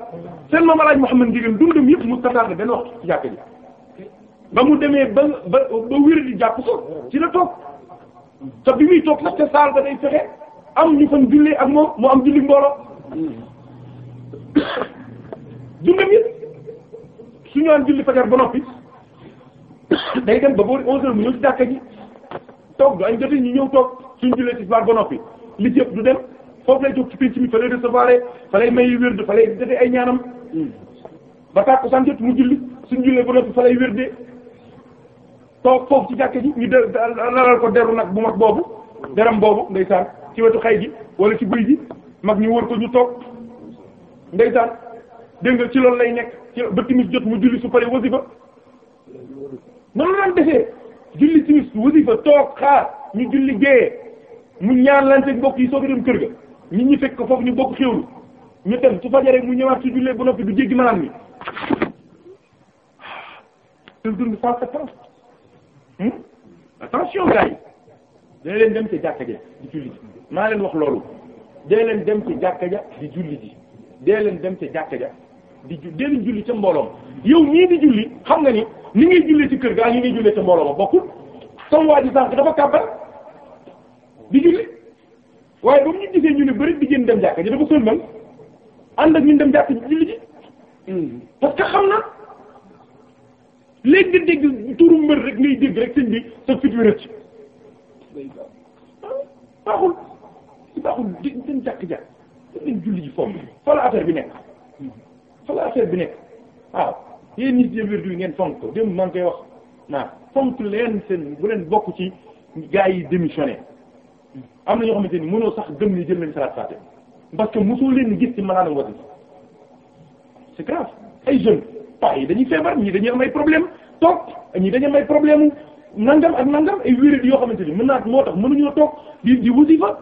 seen maam alaaj Muhammad Ndieguene dundam yëpp mu tasaare benn waxtu ci jàkka ji ba mu demee ba ba ba wér di jàpp ko ci la toog te bi muy toog sax te saal ba day fexe am ñu fan jullee ak moom mu am julli mbooloo dundam yëpp su ñu am julli fajar ba noppi day dem ba boori 11h mu ñëw ci jàkka ji toog du añ jotee ñu ñëw toog suñ jullee ci fajar ba noppi li ci yëpp du dem. foofu lay jóg ci pénc mi fa lay recevoir fa lay may wérde fa lay defee ay ñaanam ba tàkku sant jot mu julli suñ jullee ba noppi fa lay wérde toog foofu ci jàkke ji ñu da lalal ko deru nag bu mag boobu deram boobu ndeysaan ci wetu xay ji wala ci guy ji mag ñu wër ko ñu toog ndeysaan dégg nga ci loolu lay nekk ci ba timis jot mu julli su pare wasifa noonu la defee julli timis wasifa toog xaar ñu julli géeyee mu ñaan lante mbokk yi soo ko kër ga nit ñi fekk ko foofu ñu bokk xéwlu ñu dem su fajaree mu ñëwaat su jullee ba noppi du jéggi maanaam ni te dund cent sept ans attention gars yi leen dem ci jàkka ja di julli ji maa leen wax loolu day leen dem ci jàkka ja di julli ji day di ju dee leen julli ca mbooloom yow ñii di julli xam nga ni ni ngay jullee ci kër gaa ñi ngay jullee ca mbooloo ma bokkul sama waa dafa kàbbal di julli waaye ba mu ñu gisee ñu ne bëri di génn dem jàkka ji dafa sëlmal ànd ak ñun dem jàkka ji julli parce que xam na léegi nga turu mbër rek ngay dégg rek sëñ bi sa fit wi rëcc baaxul baaxul dem jàkk jàkk dem julli ji fomm fa la affaire bi nekk fa la affaire bi nekk waaw yéen nit yëpp yëpp ngeen fonk ko démb maa koy wax naa fonk leen seen bu leen bokk ci gaa yi démissionné. am na ñoo xamante ni mënoo sax gëm ni jël nañ salaat faate parce que mosoo leen gis ci malaanam wasi c'est grave ay jën pax yi dañuy feebar ñii dañuy am ay problème toog ñii dañuy am ay problème nangam ak nangam ay wéeréer yoo xamante ni mën naa moo tax mënuñoo toog di di wasifa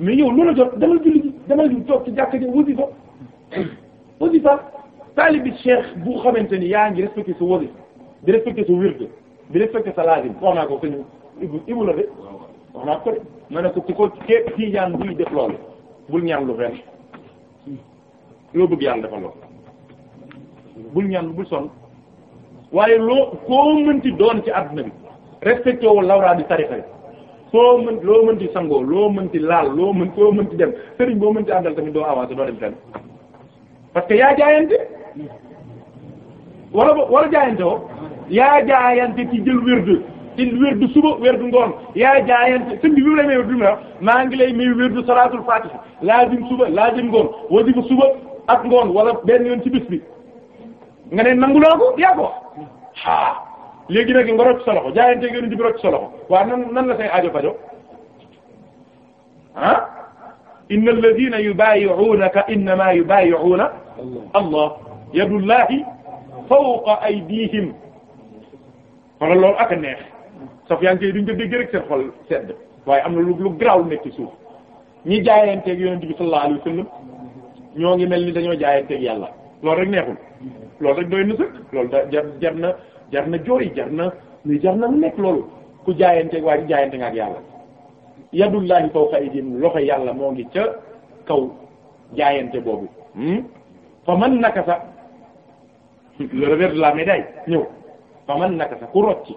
mais yow a jot demal julli ji demal di toog ci jàkka ji wasifa wasifa taalibi cheikh bu xamante ni yaa ngi respecté sa wasifa di respecté sa wird di respecté sa lazim wax naa ko wax naa ko ma ne ko ku ko képp tiijaan buy def loolu bul ñaan lu fen loo bëgg yàlla dafa lool bul ñaan bul sonn waaye loo koo mënti doon ci àdduna bi respecté wu lawraa di bi soo mën loo mënti sangoo loo mënti laal loo mën koo mënti dem sëriñ boo mënti àndal tamit doo avancé doo dem fenn parce que yaa jaayante wala wala jaayante woo yaa jaayante ci jël wér il wérdu suba wérdu ngoon yaa jaayante sëñ bi maa ngi lay may wérdu salaatul fatiha laazim suba laazim ngoon ak ngoon wala benn yoon ci bis bi nga ne nangu loo ko yaa ko wax ah léegi nag nga rocc sa loxo jaayante ngeen di rocc sa loxo waaw nan nan la fajo ah inna allah yadullahi fawqa aydihim wala loolu sofiyaan kay duñ ko dégg rek seen xol sedd waaye am na lu lu garaaw nekk suuf ñi jaayanteeg yonent bi sallallahu alayhi wasallam ñoo ngi mel ni dañoo jaayanteeg yàlla loolu rek neexul loolu rek doy na sëkk loolu da jar na jar jooy jar na mais jar na lu nekk loolu ku jaayanteeg waaye di jaayante nga ak yàlla yadullahi fawqa aydihim loxo yàlla moo ngi ca kaw jaayante boobu hmm? fa man naka sa le revers de la médaille ñëw fa man naka sa ku rocci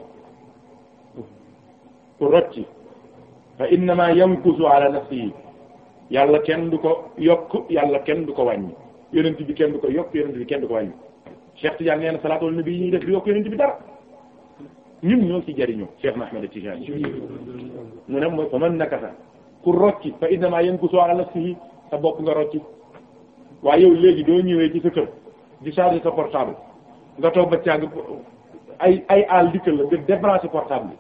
pour rot ci fa innama yankusu ala nafsihi yàlla kenn du ko yokk yàlla kenn du ko wàññi yonent bi kenn du ko yokk yonent bi kenn du ko wàññi Cheikh Tidiane nee na salaatu ñuy def di yokk yonent bi dara ñun ñoo ci jariñu Cheikh Ahmed Tidiane mu ne mooy fa man nakasa ku rocci fa innama yankusu ala nafsihi sa bopp nga rocci waaye yow léegi doo ñëwee ci sa kër di charger sa portable nga toog ba ay ay àll dikkal la nga débranché portable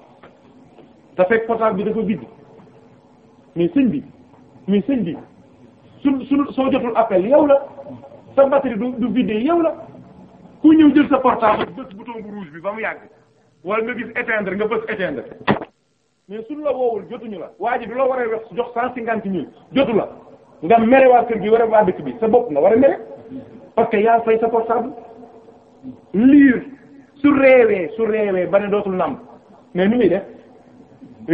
te fekk potable bi dafa vide mais sëñ bi mais sëñ bi su su soo jotul appel yow la sa du du vide yow la ku ñëw jël sa portable bës bouton bu rouge bi ba mu yàgg wala nga gis éteindre nga bës éteindre mais suñ la woowul jotuñu la waa ji du la war a wax jox cent cinquante ñu jotu la nga mere waa kër gi war a waa bi sa bopp nga war a mere parce que yaa fay sa portable liir su reewee su reewee ba ne dootul namb mais ni muy def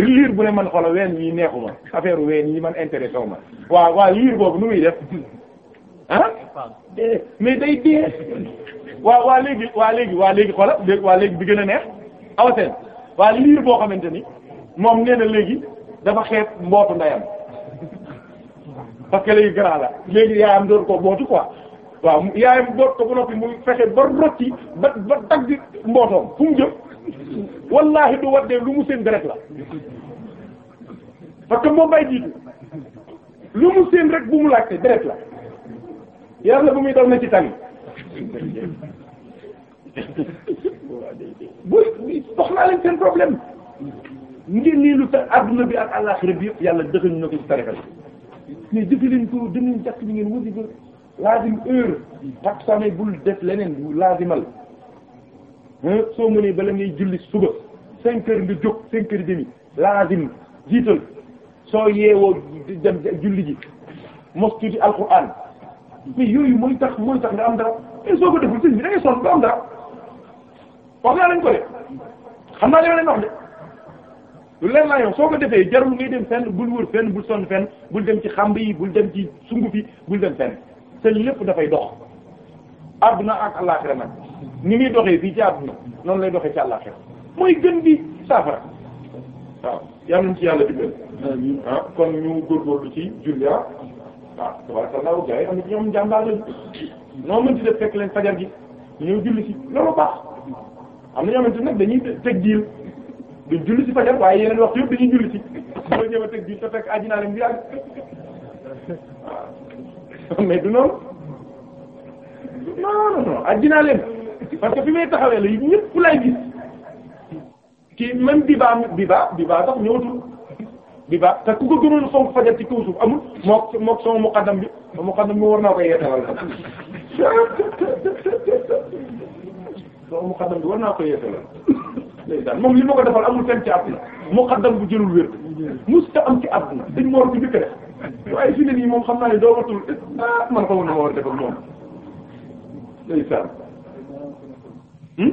liir bu ne man xoolal ween yi neexuma affaire ween yi man intéressé wu waa waaw liir boobu nu muy def ah mais day dee waa léegi waa léegi waa léegi waa léegi bi gën a neex aw seen waa liir boo xamante ni moom nee na léegi dafa xeet mbootu ndeyam parce que léegi grand la léegi yaayam doon ko mbootu quoi waaw yaayam boot ko ba noppi mu fexe ba rotti ba ba dagg mbootoom fu mu jëm. wallahi du waddee lu mu seen deret la parce que moom bay jiitu lu mu seen rek bu mu laajte deret la yar la bu muy daw na ci tànn buy soxlaa leen seen problème ngeen nii lu tax adduna bi ak àllaxira bi yëpp yàlla dëxañ na ko ci tarixa mais defi leen ko dem leen jàkk bi ngeen wasifa laazim heure pap bul def leneen lazimal soo mënee bala ngay julli suba cinq heures nga jóg cinq heures demi laazim jiital soo yeewoo julli ji mos tuuti alquran mais yooyu mooy tax mooy tax nga am dara mais soo ko deful sëñ bi da ngay sonn am dara wax naa lañ ko de xam naa li ma leen wax de lu leen laa yow soo ko defee jarul ngay dem fenn bul wër fenn bul sonn fenn bul dem ci xamb yi bul dem ci sunguf yi bul dem fenn te lépp dafay dox adduna ak àllaaxira nag ni muy doxee fii ci àdduna noonu lay doxee ci àllaxira mooy gën di saafara waaw yal nañu ci yàlla digal ah kon ñu góorgóorlu ci julli ah waaw tabarakallah gars yi am na ci ñoom jàmbaar lañu noo def fekk leen fajar gi ñëw julli ci loolu baax am na ñoo xamante nag dañuy teg diir duñ julli ci fajar waaye yeneen waxtu yëpp dañuy julli ci a teg diir te fekk àddina leen bi yàgg waaw ah, mais non non non àddina leen parce que fi may taxawee la ñëpp lay gis kii même Biba Biba Biba sax ñëwatul Biba te ku ko gënoon fonk fajar ci kaw suuf amul mook mook sama muqaddam bi muqaddam bi war naa koy yeesalal sama muqaddam bi war naa koy yeesalal ndeysaan moom li ma ko defal amul fenn ci àdduna muqaddam bu jëlul wér musta am ci àdduna dañ ma war ko jëkk def moom xam naa ne doomatul ah man ko woon na ma war defal moom ndeysaan Hmm?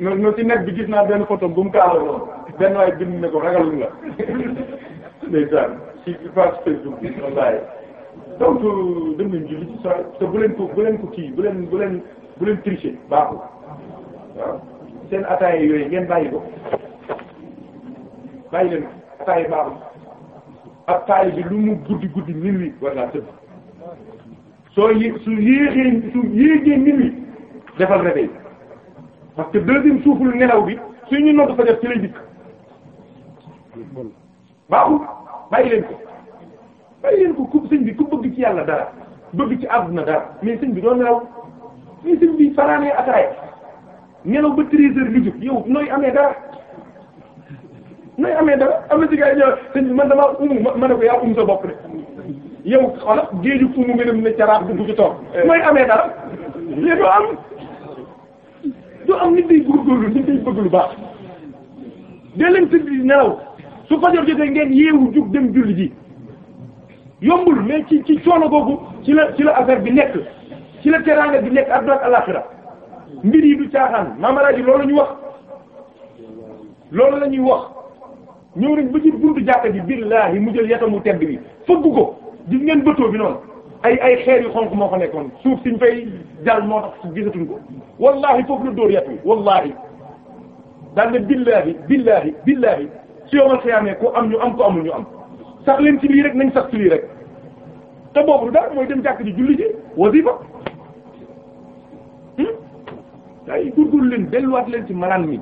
no no ci net bi gis naa benn photo bu mu kaala woon benn waay bind ne ko ragalum la ndeysaan ci Facebook bi wallaahi donc dem nañ julli ci sa te bu leen ko bu leen ko kii bu leen bu leen bu leen tricher baaxul waaw seen ataaya yooyu ngeen bàyyi ko bàyyi leen ataaya baaxul ak taay bi lu mu guddi guddi minuit war naa tëdd soo yé su yéexee su yéexee minuit defal réveil parce que deuxième souffle nelaw bi suñu nodd fa def ci lay dikk baaxul bàyyi leen ko bàyyi leen ko ku sëñ bi ku bëgg ci yàlla dara bëgg ci àdduna dara mais sëñ bi doon nelaw mais sëñ bi fanaanee ataaya nelaw ba treize heures li yow nooy amee dara nooy amee dara am na ci gars yi ñëw sëñ bi man damaa umu ma ne ko yaa um sa bopp de yow xoola géeju umu nga dem ne caraax dugg ci toog eh. nooy amee dara lii doo am du am nit day góorgóorlu nit day bëgg lu baax dee leen tëdd di nelaw su fajar jotee ngeen yeewu jug dem julli ji yombul mais ci ci coono boobu ci la ci la affaire bi nekk ci la teraanga bi nekk àdduna ak alaaxira mbir yi du caaxaan maamalaay ji loolu ñu wax loolu lañuy wax ñëw rek ba ci buntu jàkka ji billaahi mu jël mu tedd bi fëgg ko di ngeen bëtoo bi noonu ay ay xeer yu xonq moo fa nekkoon suuf siñ fay jàll moo tax gisatuñ ko wallahi foofu la dóor yàq yi wallahi daal ne billahi su yomal xiyaamee ku am ñu am ko amul ñu am sax leen ci lii rek nañ sax ci lii rek te boobu daal mooy dem jàkk ji julli ji wasifa hmm? ay gurgur leen delluwaat leen ci malaan mi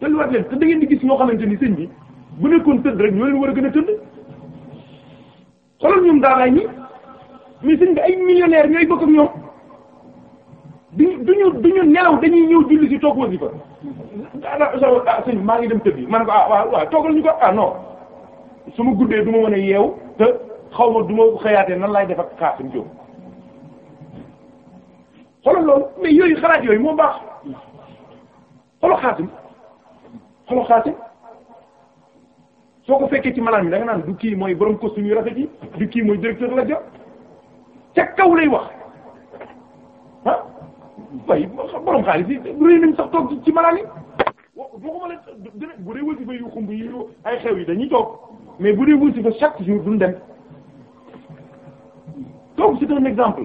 delluwaat leen te da ngeen di gis ñoo xamante ni sëñ bi bu nekkoon tëdd rek ñoo leen war a gën a tëdd xoolal ñoom daanaay mi mais sëñ bi ay millionnaire ñooy bokk ak ñoom duñu duñu duñu nelaw dañuy ñëw julli si toog wasifa ah, maa ngi dem tëdd yi man ko ah waaw waaw toogal ko ah non su ma guddee du ma mën a yeew te xaw ma du ma xëyaatee nan laay def ak xaasim jóg xoolal loolu mais yooyu xalaat yooyu moo baax xolo xaasim xolo xaasim soo ko fekkee ci malaan bi da naan du kii mooy borom costume yu rafet yi du kii mooy directeur la jox ca kaw lay wax ah waaye borom xaalis yi réy nañ sax toog ci malaan yi waxuma bu dee wasifa yu xumb yu ay xew yi dañuy toog mais bu dee wasifa chaque jour duñ dem donc c'est un exemple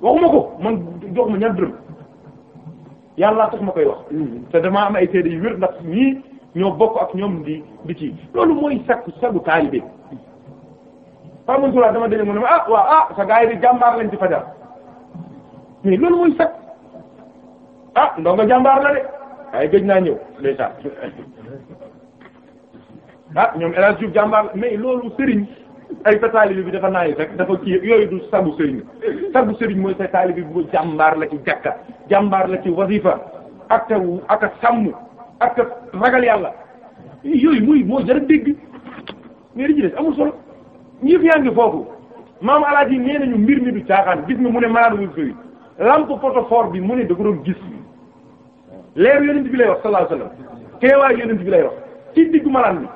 waxuma ko man jox ma ñaar dërëm yàlla tax ma koy wax mm-hmm. te dama am ay seede yu wér ndax ñii ñoo bokk ak ñoom di di ci loolu mooy sakku sagu taalibe Pa Mansour dama dégg mu ne ah waaw ah sa gars di jàmbaar lañ ci fajar mais loolu mooy sakk ah ndongo jàmbaar de waaye ah ñoom El Hadj Diouf jàmbaar la loolu sëriñ ay sa taalibe bi dafa naayi rek dafa kii yooyu du sagu sëriñ sagu sëriñ mooy sa taalibe bi la ci jàkka jàmbaar la ci wasifa ak ak ak ragal yàlla yooyu muy moo jar a dégg mais li ci des amul solo ñëpp foofu maam alaaji nee nañu mbir mi du caaxaan gis nga mu ne maanaam wuñ koy lampe potofort bi mu ne da ko gis leer yonent bi lay wax sallallahu alayhi wasallam teewaay bi lay wax ci diggu malaan bi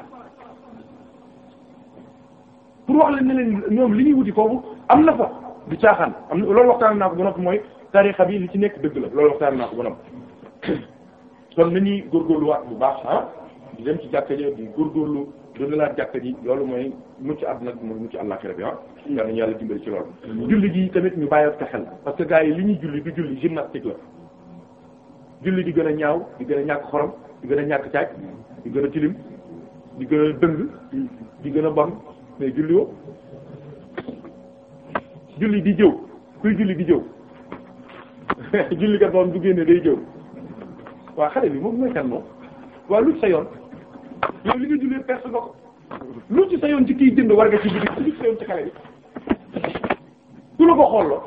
pour wax leen ne leen ñoom li ñuy wuti foofu am na fa du caaxaan am na loolu waxtaan naa ko ba noppi mooy tarixa bi li ci nekk dëgg la loolu waxtaan naa ko ba kon nañuy góorgóorluwaat bu baax ah di dem ci jàkka lu di góorgóorlu dundalaat jàkka ji loolu mooy mucc àdduna bi mooy mucc àllaxira bi ah. yal nañu yàlla dimbali ci loolu. julli gi tamit ñu bàyyiwaat ko xel parce que gars yi li ñuy julli du julli gymnastique la julli di gën a ñaaw di gën a ñàkk xorom di gën a ñàkk caaj di gën a tilim di gën a dëng di gën a bon mais julli woo julli di jëw kuy julli di jëw julli kat moom du génne day jëw. waa xale bi moom mooy kan moom waaw lu ci sa yoon yow li nga jullee perte nga ko ci sa yoon ci kiy jënd war nga ci biir lu ci sa yoon ci xale bi ku la ko xooloo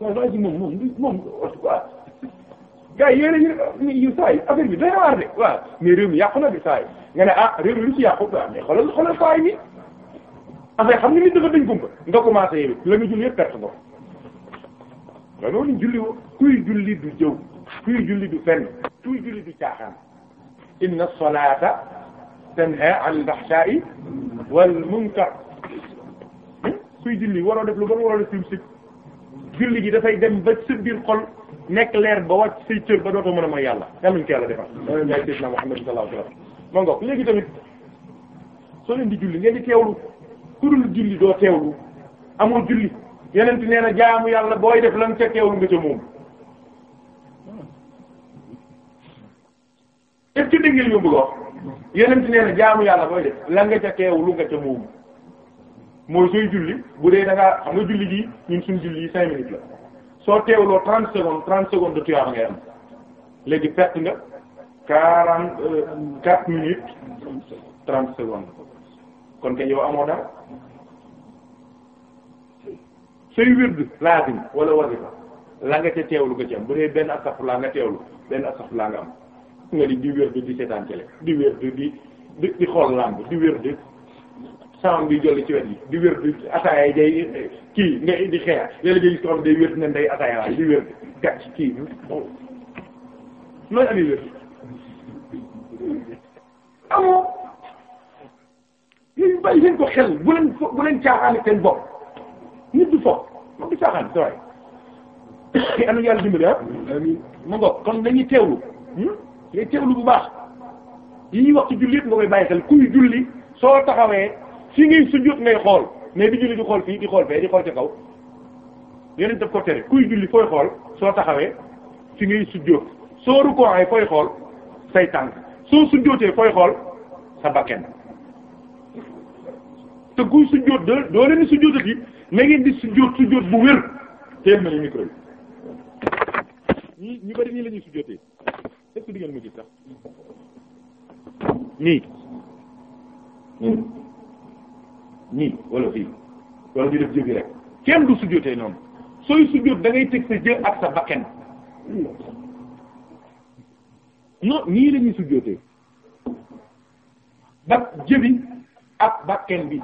waaye waa ji moom moom moom waaw gars yi yéen a yu saa yi affaire bi day waar de waaw mais na de saa yi nga ne ah réew mi lu ci yàqu waaw mais xoolal xoolal saa yi nii affaire xam nga nit dafa dañ gumba nga commencé yéen la nga julli yëpp perte nga ko. waaw loolu du jëw. kuy julli du fenn kuy julli du caaxaan inna salata tanha anil fahsha'i wal munkar hmm? kuy julli waroo def lu bon waroo def siw julli ji dafay dem ba sa biir xol nekk leer ba wàcc say cër ba dootoo mën a mooy yàlla yàllañ ko yàlla defal yaay Seydina Muhammad sallallahu alayhi wasallam moo ngoog léegi tamit soo leen di julli ngeen di teewlu kudul julli doo teewlu amoo julli yeneen ti nee na jaamu yàlla booy def lan ca teewlu nga ca moom est-ce que dégg nga yeneen ci nee jaamu yàlla booy def la nga ca teew lu nga ca moomu mooy sooy julli bu dee da xam nga julli ji ñun suñu julli yi cinq minutes la soo teewloo trente secondes trente secondes de tuyaaba ngay am léegi perte nga quarante euh, quatre minutes trente secondes kon kay yow amoo dara sooy wird lazim wala wazifa la nga ca teewlu nga ci bu dee benn astafurlaa nga teewlu benn astafurlaa nga am nga di di wér di di xool làmb di wér di sàmm bi jolli ci wet yi di wér di ataaya day kii nga indi xeer léeg-léeg nga gis ko xam di ataaya waay di wér di gàcc kii loolu amee wér amoo yooyu bàyyi leen ko xel bu leen fo bu leen nit du fo moom du caaxaan sa waay am na yàlla dimbali ah ma ngoog kon nañuy teewlu hmm? ngay teewlu bu baax yi ñuy wax ci julli yëpp nga koy bàyyi xel kuy julli soo taxawee fi ngay sujjóot ngay xool mais di julli di xool fii di xool fee di xool ca kaw yeneen daf ko tere kuy julli fooy xool soo taxawee fi ngay sujjóot soo rukkooxee fooy xool say tànk soo sujjóotee fooy xool sa bakken te kuy sujjóot doo doo leen di sujjóotati na ngeen di sujjóot sujjóot bu wér téel ma ni micro yi ñi ñi bari nii la ñuy sujjóotee est-ce que di ngeen ma gis sax nii nii nii wala fii wala ñu def jëbi rek kenn du sujjóotee noonu sooy sujjóot da ngay teg sa jë ak sa bakken non nii la ñuy sujjóotee ba jëbi ak bakken bi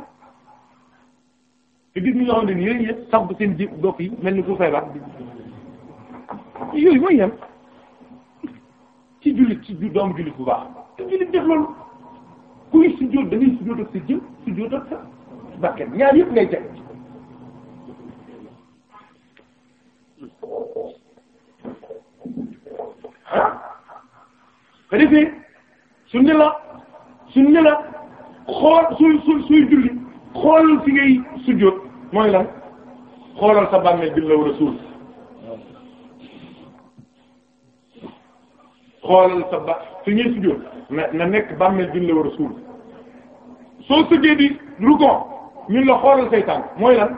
te gis ñu ñoo xam ne nii la ñuy seen ji bopp mel ni ku yooyu mooy yem ci jullit ci doomu jullit bu baax te jullit def loolu kuy sujjóot da sujjóot ak sa jël sujjóot ñaar yëpp ngay teg ah ko defee su ne la su ne la xool suy suy suy julli xoolal fi ngay sujjóot mooy lan xoolal sa bàmmeel bi la war xoolal sa ba su ñuy sujjóot na nekk bàmmeel bi ñu war a suul soo sëggee di rugon ñun la xoolal say tànk mooy lan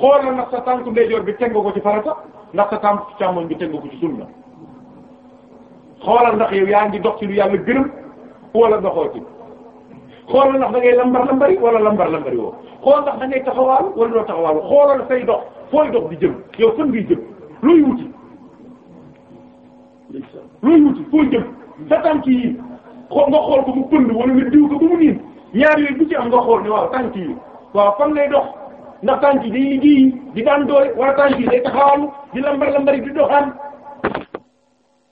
xoolal ndax sa tànk ndeyjoor bi teg ko ci farata ndax sa tànk bi teg ko ci sunna xoolal ndax yow yaa ngi dox ci lu yàlla gërëm wala doxoo ci xoolal ndax da ngay lambar lambari wala lambar lambari woo xool ndax da ngay taxawaalu wala doo xoolal say dox fooy dox di jëm yow fan ngay jëm looy wuti looy wuti foo jëm sa tànk yi xo nga xool ko mu pënd wala nga diw ko ba mu niin ñaar yooyu bu ci am nga xool ne waaw tànk yi waaw fan lay dox ndax tànk yi day liggéey di daan di lambar lambari di doxaan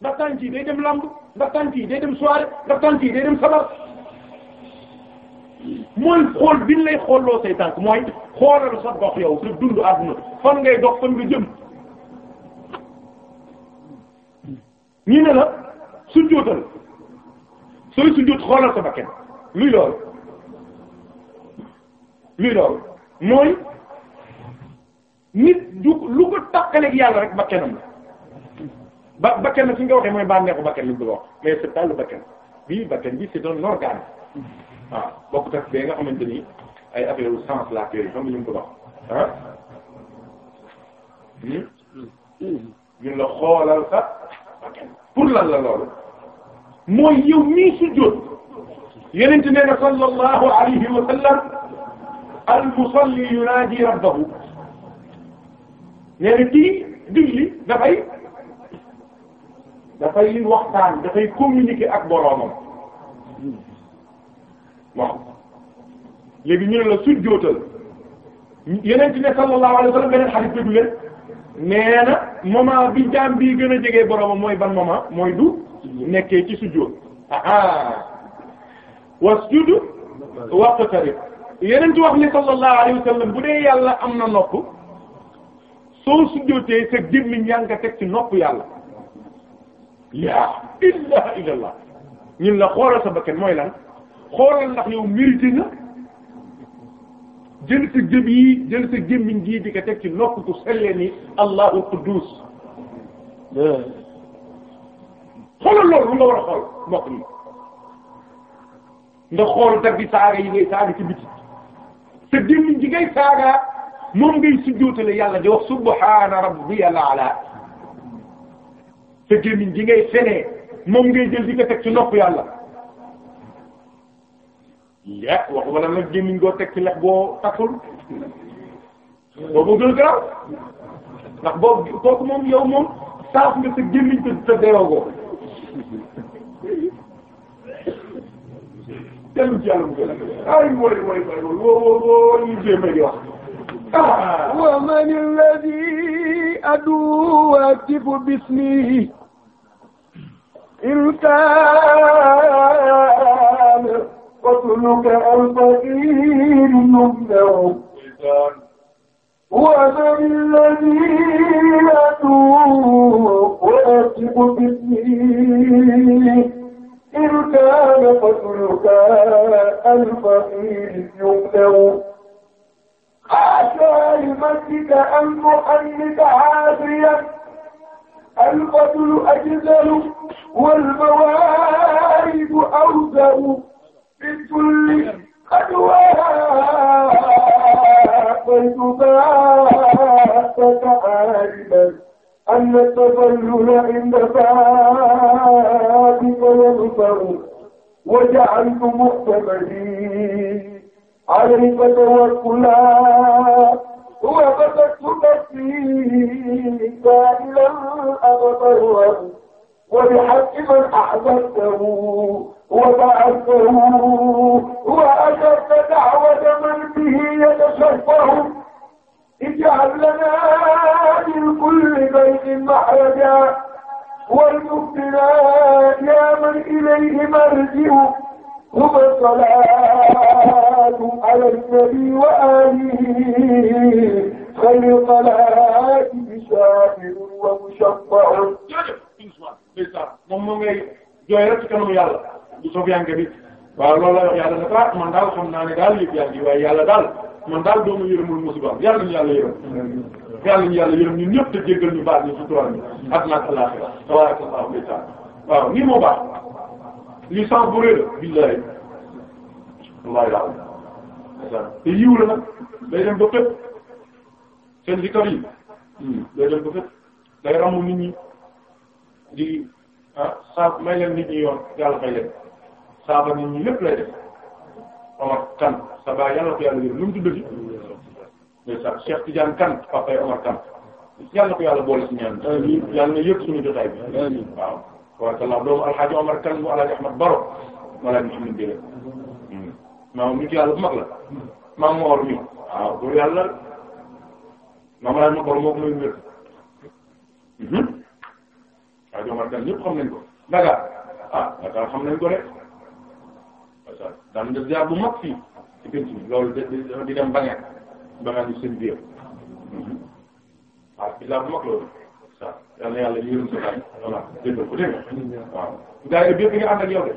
ndax tànk day dem lamb ndax tànk yi day dem soirée ndax tànk yi day dem sabar mooy xool biñ lay xoolloo say tànk mooy xoolal sa dox yow sa dund àdduna fan ngay dox fan nga jëm ñu ne la sujjóotal sooy sujjóot xoolal sa bakkan luy loolu luy loolu mooy nit du lu ko tàqaleeg yàlla rek bakkanam la ba bakkan su ñu ko waxee mooy bànneexu bakkan lañ bëgg a wax mais c'est pas le bii bakkan bi c'est un organe waaw ah, bokkut ak bee nga xamante ni ay affaire sens la ak yooyu xam nga ñu ngi ko wax ah. Hmm? Hmm. ñu la xoolal sax. pour lan la loolu mooy yow mii sujjóot yeneen ti nee na sallallahu alayhi wa sallam al musalli yunaadi rabbahu nee na kii digli dafay dafay waxtaan dafay communiquer ak boroomam waaw léegi ñu ne la sujjóotal yeneen ti ne sallallahu alayhi wa sallam beneen xarit déglu leen nee na moment bi jaam bii gën a jege boromam mooy ban moment mooy du nekkee ci sujjóot aha wasjud waqtarib yeneen ci wax ni sallallahu alayhi wa sallam bu dee yàlla am na nopp soo sujjóotee sa gémmiñ yaa nga ci nopp yàlla yaa ilaha illallah ñun la xoolal sa bakkan mooy lan xoolal ndax yow mérité na jël sa jëm yi jël sa di ko teg ci nopp gu selle ni allahu quddus xoolal loolu nga war a xool mbokk yi nga xool dagg saaga yi ngay saaga ci biti sa gémmiñ gi ngay saaga moom ngay sujjootale yàlla di wax subhaana rabbiyal ala sa gémmiñ gi ngay fenee moom ngay jël di ko teg ci nopp yàlla ya waxuma la nag gémmiñ goo teg ci lex boo takkul boobu gën garaaw ndax boobu kooku moom yow moom saaf nga sa gémmiñ ko sa deroogoo tellu ci yàlla mu gën ay mooy mooy mooy woo woo ñu jéem di wax wa man alladhi adu wa tifu bismihi in kaana قتلك البديل منه وأنا الذي أتوب وأتب باسمه إن كان قتلك البديل يمنه عسى لمسك أن تحلك عافية القتل أجزل والموارد أوزأ بكل خطوة والتباس تعالما أن التظلل عند بابك يظهر وجعلت معتمدي عليك توكلا وبسطت نفسي سائلا أبطرا وبحق من أحببته وبعثه وأجب دعوة من به يتشفه اجعل لنا من كل بيت محرجا وارزقنا يا من إليه مرجع ثم الصلاة على النبي وآله خير صلاة شافر ومشفع. moom mu ngay jooy rek ci kanamu yàlla du sofiyanke bi waaw loolu la wax yàlla ne ah man daal xam naa ne daal yëpp yàlla ji waaye yàlla daal man daal doomu yërëmul musiba yàlla ñu yàlla yërëm yàlla ñu yàlla yërëm ñun ñëpp te jéggal ñu baat ñu sutural ñu adna ak alaxira tabarakallahu bi taala waaw nii moo baax li sans bu réer billahi wallahi laa te yiw la nag day dem ba fépp seen zikar yi hmm. day dem ba fépp day ramu nit ñi di ah saa may leen nit ñi yoon yàlla fay leen saaba nit ñi lépp lay def Omar Kane sa yàlla ko yàlla yëg lu mu tuddati mais sax Cheikh Tidiane Kane papay Omar Kane yàlla ko yàlla boole ci ñaan yàlla na yëg suñu jotaay bi waaw waakala doomu alxaaji Omar Kane bu alxaaji Ahmad Baro malaa Muhammad Bire maam nit yàlla bu mag la maam Mor mi waaw loolu yàlla maam alxaaji Ahmad Baro moo ko may wér hmm. alxaaji Omar Kane ñëpp xam nañ ko Dakar ah xam nañ ko de sori daan def ziar bu mag fii ci pénc bi loolu di dem ba ngeen ba ngeen ñu seen biir waaw ci ziar bu mag loolu waaw yal na yàlla yërëm sa bàyyi voilà dégg ko dégg waaw. gars yi biir bi nga ànd ak yow de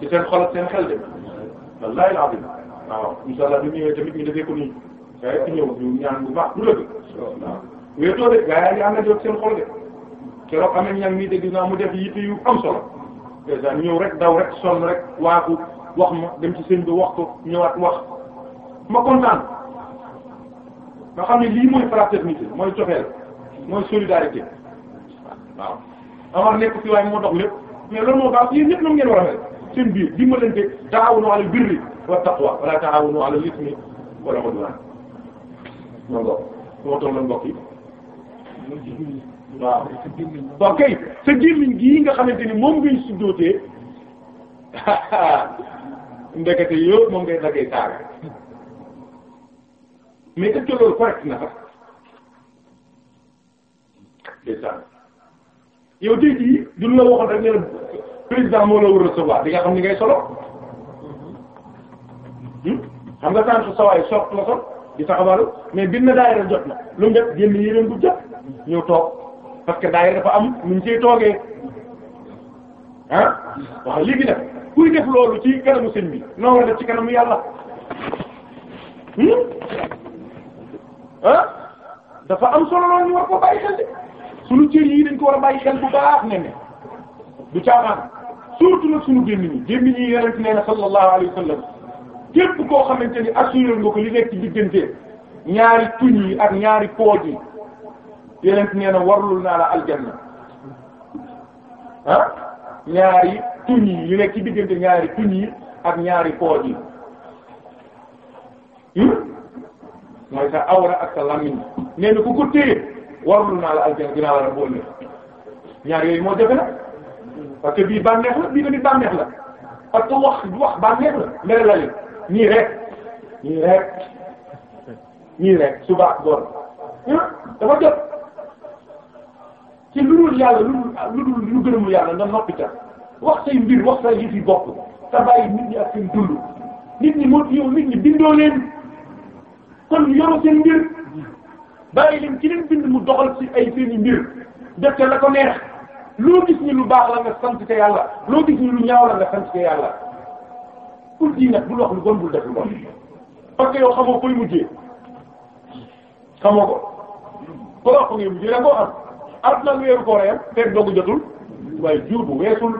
ci seen xol de wallaahi laa bëgg waaw incha allah bu ñëwee tamit ñu defee ko nii gars yi fi ñëw ñu ñaan bu baax du dëgg de gars yaa ngi ànd ak de keroog amee ña nga de gis naa mu def yitte yu am solo dèjà ñëw rek daw rek sonn rek wax ma dem ci sëñ wax ko ñëwaat wax ma kontaan nga xam ne lii mooy fraternité mooy cofeel mooy solidarité waaw amar nekk ci waaye moo dox lépp mais loolu moo baax yéen ñëpp ñoom ngeen war a mel seen biir dimbalante taawunu ala birri wa taqwa wala taawunu ala ismi wala udwan moo go moo toll lan mbokk yi waaw waaw kay sa gémmiñ gii nga xamante ni moom ngay suddootee ndekete yëpp moom ngay daggee saaga mais est-ce correct na sax ndeysaan yow tey jii duñ la waxoon rek ne président moo la war a recevoir di nga xam ni ngay solo hmm? xam nga sànq sa waay soog la sol di taxawalu mais biñ na daayira jot na lu mu def génn yéen bu jot ñëw toog parce que daayira dafa am nuñ ciy toogee. ah waaw léegi nag kuy def loolu ci kanamu sëñ bi noo war def ci kanamu yàlla hmm? ah dafa am solo loolu ñu war ko bàyyi xel de sunu cër yii dañ ko war a bàyyi xel bu baax ne ne du caaxaan surtout nag sunu gémmiñ yi gémmiñ yi yonent nee sallallahu alayhi wa képp koo xamante ni assuré nga ko li nekk ci diggante ñaari tuñ yi ak ñaari pooj yi yonent nee na warlul naa la aljanna ah ñaari tuñ yu nekk ci diggante ñaari tuñ ak ñaari pooj yi hmm? mooy sa awra ak sa làmmiñ nee na ku ko téye warul naa la aljana dinaa la boole ñaar yooyu moo jafe nag parce que bii bànneex la bii tamit bànneex la parce wax wax bànneex la mere la leen nii rek nii rek nii rek suba góor hmm? dafa jot. ci lu dul yàlla lu dul lu dul lu gërëmul yàlla nga noppi ca wax say mbir wax say yëf yi bopp te bàyyi nit ñi ak seen dund nit ñi moo yow nit ñi bindoo leen kon yoroo seen mbir bàyyi leen ci leen bind mu doxal ci ay seen i mbir def ca la ko neex loo gis ni lu baax la nga sant te yàlla loo gis ni lu ñaaw la nga sant te yàlla pour di nag bul wax lu bon bul def lu bon parce que yow xamoo koy mujjee xamoo ko ko wax ko ngay mujjee da nga koo am ak nag weeru koor yam fekk dogu jotul waaye jur bu weesul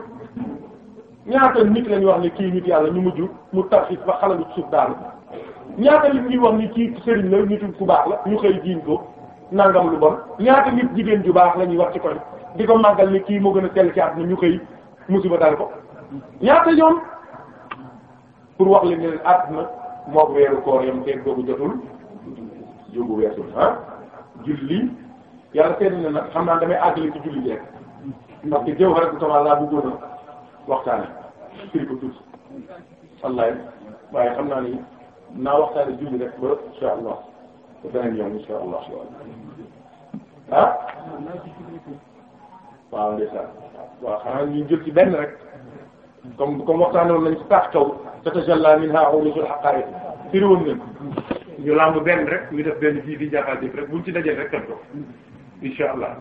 ñaata nit lañuy wax ne kii nit yàlla ñu mujj mu tarxis ba xala ngi suuf daanu ñaata nit ñuy wax ni kii sëriñ la nitu ku baax la ñu xëy jiiñ ko nangam lu bon ñaata nit jigéen ju baax la ñuy wax ci koñ di ko màggal ni kii moo gën a teel ci at na ñu xëy musiba dal ko ñaata yoon pour wax leen ne leen at na moog weeru koor fekk dogu jotul jur bu weesul ah julli yàlla seetlu na xam naa damay àggale ci julli jeex ndax te jëw rek sama laa bëggoon a waxtaane firi ko tuuti wallaay waaye xam naa ni naa waxtaane julli rek ba insha allah ba beneen yoon insha allah ah waaw ndeysaan waaw xanaa ñu jël ci benn rek comme comme waxtaane woon nañ ci taax kaw tatajalla minha urusul haqa'iq firi woon nañ benn rek ñu def benn fii fii jaaxal rek buñ ci dajee rek incha allah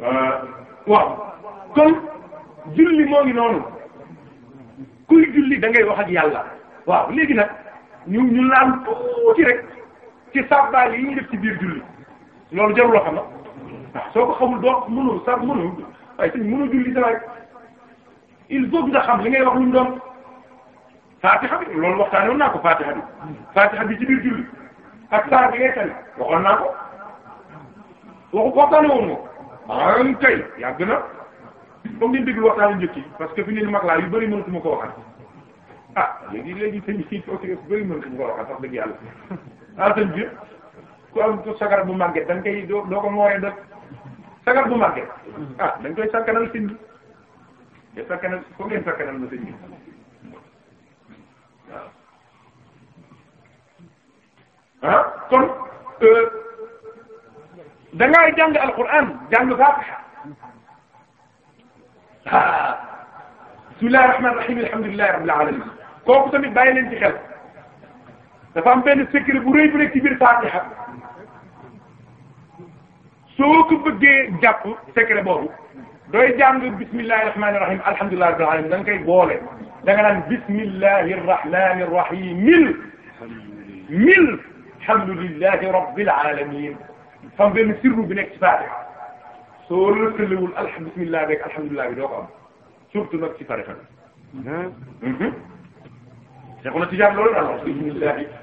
euh, waaw kon julli moo ngi noonu kuy julli da ngay wax ak yàlla waaw léegi nag ñu ñu laal tuuti rek ci sàbbaal yi ñu def ci biir julli loolu jarul la xam na soo ko xamul doo mënul sax mënul waaye te mënul julli dara il faut nga xam li ngay wax lu mu doon fatiha bi loolu waxtaanee woon naa ko fatiha bi fatiha bi ci biir julli. ak saar bi ngay tane naa ko waxu waxtaane woon ma am tey yàgg na comme ni ñu déglu waxtaanu njëkk yi parce que fi ne ni mag laa yu bëri mënatuma ko waxaat ah léegi léegi sëñ bi toog yu bëri mënatuma ko waxaat wax dëgg yàlla ah sëñ bi ku am ku sagar bu màgget da nga koy doo doo ko mooree sagar bu màgget ah da nga koy sakkanal sëñ bi te ko ngeen sakkanal ma ah. sëñ ah kon euh, da ngay jàng alquran jàng fatiha ah bismillahi rahmani rahim alhamdulillahi rabbil alamin kooku tamit bàyyi leen ci dafa am benn secret bu rëy bu nekk ci biir fatiha soo ko bëggee jàpp secret boobu dooy jàng bismillahi rahmani rahim alhamdulillahi rabbil alamin da boole da nga naan bismillahi mil alhamdulillahi rabbil alamin fam benn sirru bi nekk ci fatiha soo lëkkaliwul alhamdulilah rek alhamdulilah bi doo ko am surtout nag ci tarixa bi. Mhm. Seexuna Tijaan loolu daal wax bismillahi